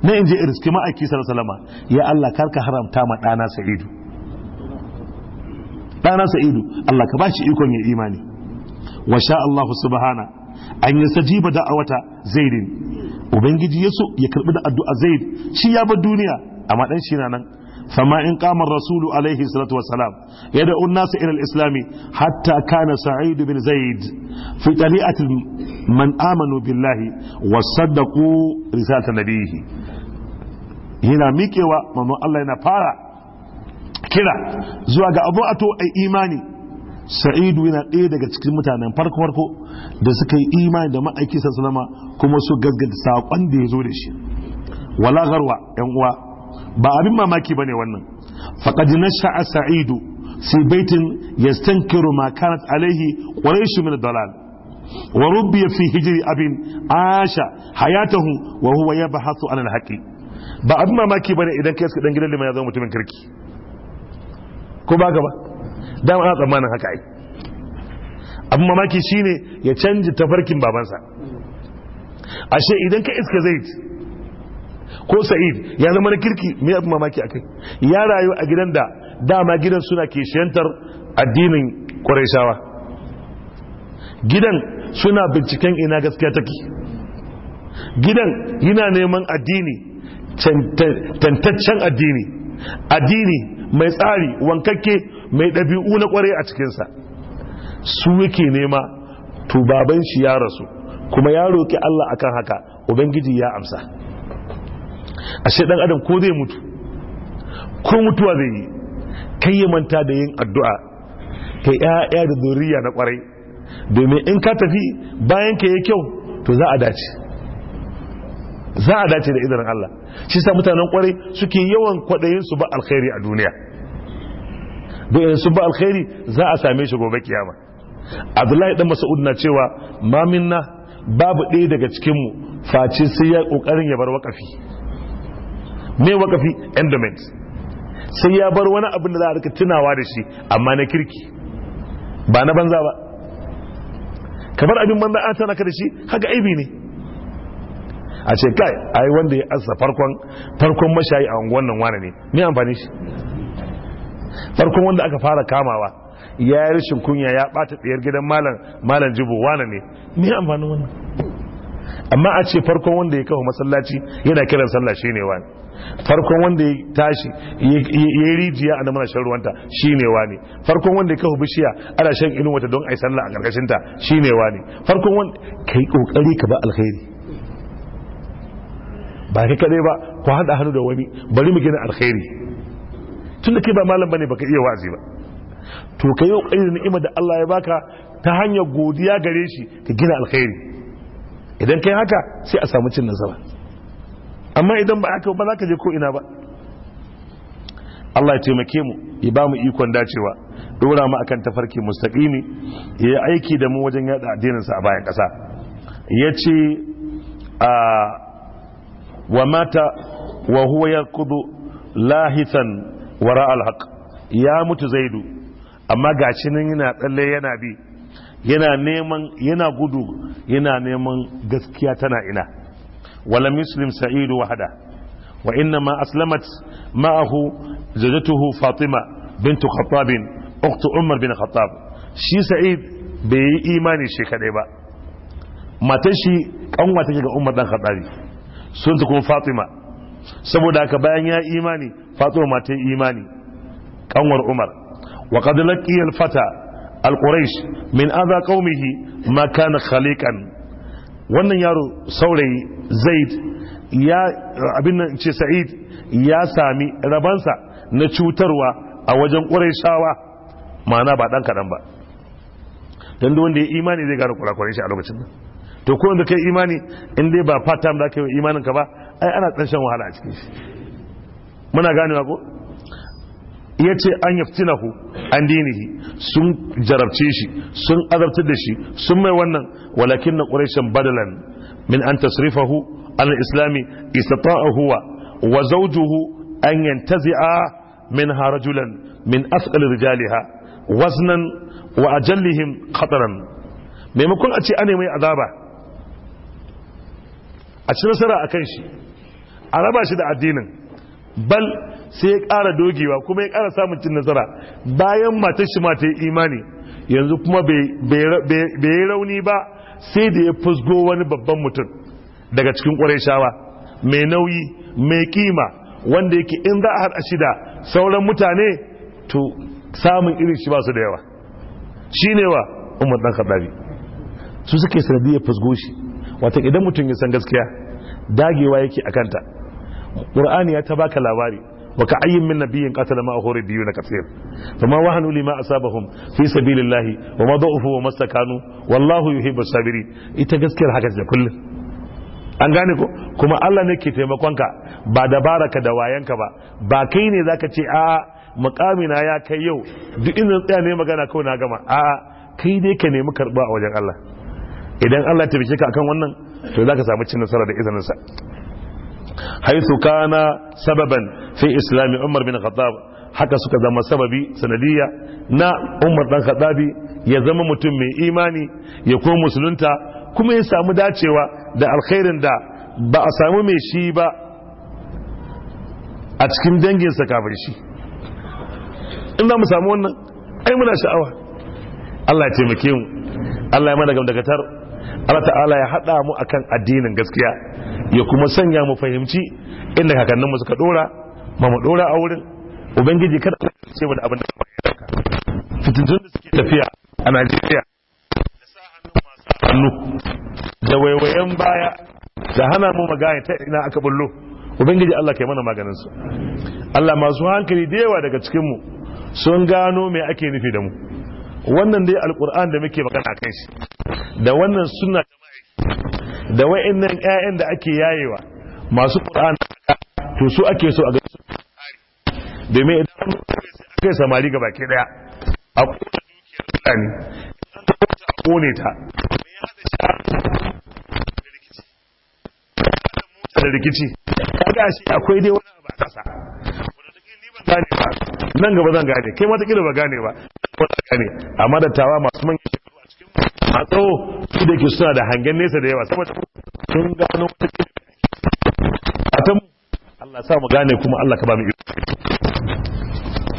na in je in riski ma'aiki salama ya Allah kar ka haramta ma ɗana sa'idu ɗana sa'idu Allah ka bashi ikon ya imani wa sha Allahu subhana an yi sajiba da'awata zaidin ubangiji ya so ya karbi da addu'a zaid shi ya bar duniya amma dan shi na nan فما إن قام الرسول عليه الصلاة والسلام يدعو الناس إلى الإسلام Sa'idu Bin سعيد بن زيد man'amanu طريقة من آمنوا بالله وصدقوا رسالة نبيه هنا ميكيوا ممنوع الله ينفارا kira zuwa ga abu a to imani sa'idu yana ɗaya daga cikin mutanen farko farko da suka yi imani da ma'aikisa sanama kuma su gaggata saƙon da ya zo da shi wala garwa 'yan uwa ba abin mamaki bane wannan faqad nasha'a sa'idu fi baitin yastankiru ma kanat alaihi quraish min dalal wa rubbiya fi hijri abin asha hayatahu wa huwa yabhathu an anan haƙi? ba abin mamaki bane idan kai suka dan gidan liman ya zama mutumin kirki ko ba gaba dan ana tsammanin haka ai abin mamaki shine ya canji tafarkin babansa ashe idan ka iska zaiti ko sa'id ya zama na kirki mai abin mamaki kai ya rayu a gidan da dama gidan suna kishiyantar addinin ƙwarishawa gidan suna binciken ina gaskiya take gidan yana neman addini tantaccen addini addini mai tsari wankakke mai ɗabi'u na kwarai a cikinsa su yake nema to shi ya rasu kuma ya roƙi Allah akan haka ubangiji ya amsa ashe dan adam ko zai mutu ko mutuwa zai yi kai ya manta da yin addu'a kai ya'ya da zuriya na kwarai domin in ka tafi bayan ka yi kyau to za a dace za a dace da idanun Allah shi sa mutanen kwarai suke yawan kwaɗayin su ba alkhairi a duniya da su ba alkhairi za a same shi gobe kiyama abdullahi dan mas'ud na cewa ma babu ɗaya daga cikin mu face sai ya ƙoƙarin ya bar waƙafi Ne wakafi endowment sai ya bar wani abin da za a rika tunawa da shi amma na kirki ba na banza ba kamar abin banza an tana ka da shi haka aibi ne a ce kai ai wanda ya asa farkon farkon mashayi a wannan wani wane ne amfani shi farkon wanda aka fara kamawa ya yi rashin kunya ya bata tsayar gidan malam malam jibo wane ne me amfani wannan amma a ce farkon wanda ya kawo masallaci yana kiran sallah ne wani farkon wanda ya tashi ya rijiya a mana shan ruwanta ne wani farkon wanda ya kafa bishiya ana shan inu wata don a yi sallah a ƙarƙashinta ta ne wani farkon wanda yi ƙoƙari ka ba alkhairi ba ka kaɗai ba ku hada hannu da wani bari mu gina alkhairi tun da kai ba malam bane baka iya wazi ba to ka yi ƙoƙari da ni'ima da Allah ya baka ta hanyar godiya gare shi ka gina alkhairi idan kai haka sai a samu cin nasara amma idan ba aka ba za ka je ko ina ba Allah ya taimake mu ya ba mu ikon dacewa dora mu akan tafarki mustaqimi ya aiki da mu wajen yada addinin sa a bayan kasa yace a wa mata wa huwa yaqudu lahisan wara alhaq ya mutu zaidu amma gashi nan yana tsalle yana bi yana neman yana gudu yana neman gaskiya tana ina ولم يسلم سعيد وحده وإنما أسلمت معه زوجته فاطمة بنت خطاب أخت عمر بن خطاب شي سعيد بي إيماني شي كديبا ما تشي أمة تشي أمة بن خطابي سنتكم فاطمة saboda haka bayan ya imani fatima ma ta imani kanwar umar wa qad laqiya al-fata al-quraish min adha qaumihi ma kana khaliqan wannan yaro saurayi zaid ya abin nan ce sa'id ya sami rabansa na cutarwa a wajen ƙurayshawa ma'ana ba ɗan kaɗan ba don da wanda ya imani zai gane kurakurai shi a lokacin nan to ko wanda kai imani in dai ba fata time da kai imanin ka ba ai ana ɗan shan wahala a cikin shi muna ganewa ko ya ce an yaftinahu an dinihi sun jarabce shi sun azabtar da shi sun mai wannan walakin na ƙurashin badalan min an tasrifahu an islami istata'a huwa wa zawjuhu an yantazi'a min harajulan min asqal rijaliha waznan wa ajallihim khataran maimakon a ce ane mai azaba a ci nasara akan shi a raba shi da addinin bal sai ya ƙara dogewa kuma ya kara samun cin nasara bayan matar shi ma ta yi imani yanzu kuma bai yi rauni ba sai da ya fusgo wani babban mutum daga cikin kwarai shawa mai nauyi mai kima wanda yake in za a haɗa shi da sauran mutane to samun irin shi basu da yawa shi ne wa umar ɗan kaɗari su suke ya fusgo shi wata idan mutum ya san gaskiya dagewa yake a kanta ƙur'ani ya ta baka labari وكأي من نبي قتل معه ربيون كثير فما وهنوا لما أصابهم في سبيل الله وما ضعفوا وما استكانوا والله يحب الصابرين ita gaskiyar haka ce kullum an gane ko kuma Allah ne ke ka ba da baraka da wayanka ba ba kai ne zaka ce a na ya kai yau duk inda tsaya ne magana kawai na gama a kai dai ka nemi karba a wajen Allah idan Allah ya tabbata ka akan wannan to zaka samu cin nasara da izinin sa. haisu kana sababan fi islami umar bin khattab haka suka zama sababi sanadiyya na umar dan khattabi ya zama mutum mai imani ya ko musulunta kuma ya samu dacewa da alkhairin da ba a samu mai shi ba a cikin danginsa kafin shi in za mu samu wannan ai muna sha'awa Allah ya taimake mu Allah ya mana gamdakatar Allah ta'ala ya haɗa mu akan addinin gaskiya ya kuma sanya mu fahimci inda kakannin mu suka dora ba mu dora a wurin ubangiji kada ka ce mu da abin da ba ya ka fitintun da suke tafiya a Najeriya da sa hannu masu hannu da waiwayen baya da hana mu magana ta ina aka bullo ubangiji Allah kai mana maganin su Allah masu hankali da yawa daga cikin mu sun gano me ake nufi da mu wannan dai alkur'an da muke magana kai shi da wannan sunna da nan ƴaƴan da ake yayewa masu qur'an to su ake so a ga domin idan kai samari ga baki daya a kone ta da rikici kaga shi akwai dai wani abu a kasa gane ba nan gaba zan gane kai ma take ba gane ba wadaka ne amma dattawa masu manyan shekaru a cikin matso su da ke suna da hangen nesa da yawa saboda sun gano wata mu Allah sa mu gane kuma Allah ka ba mu iko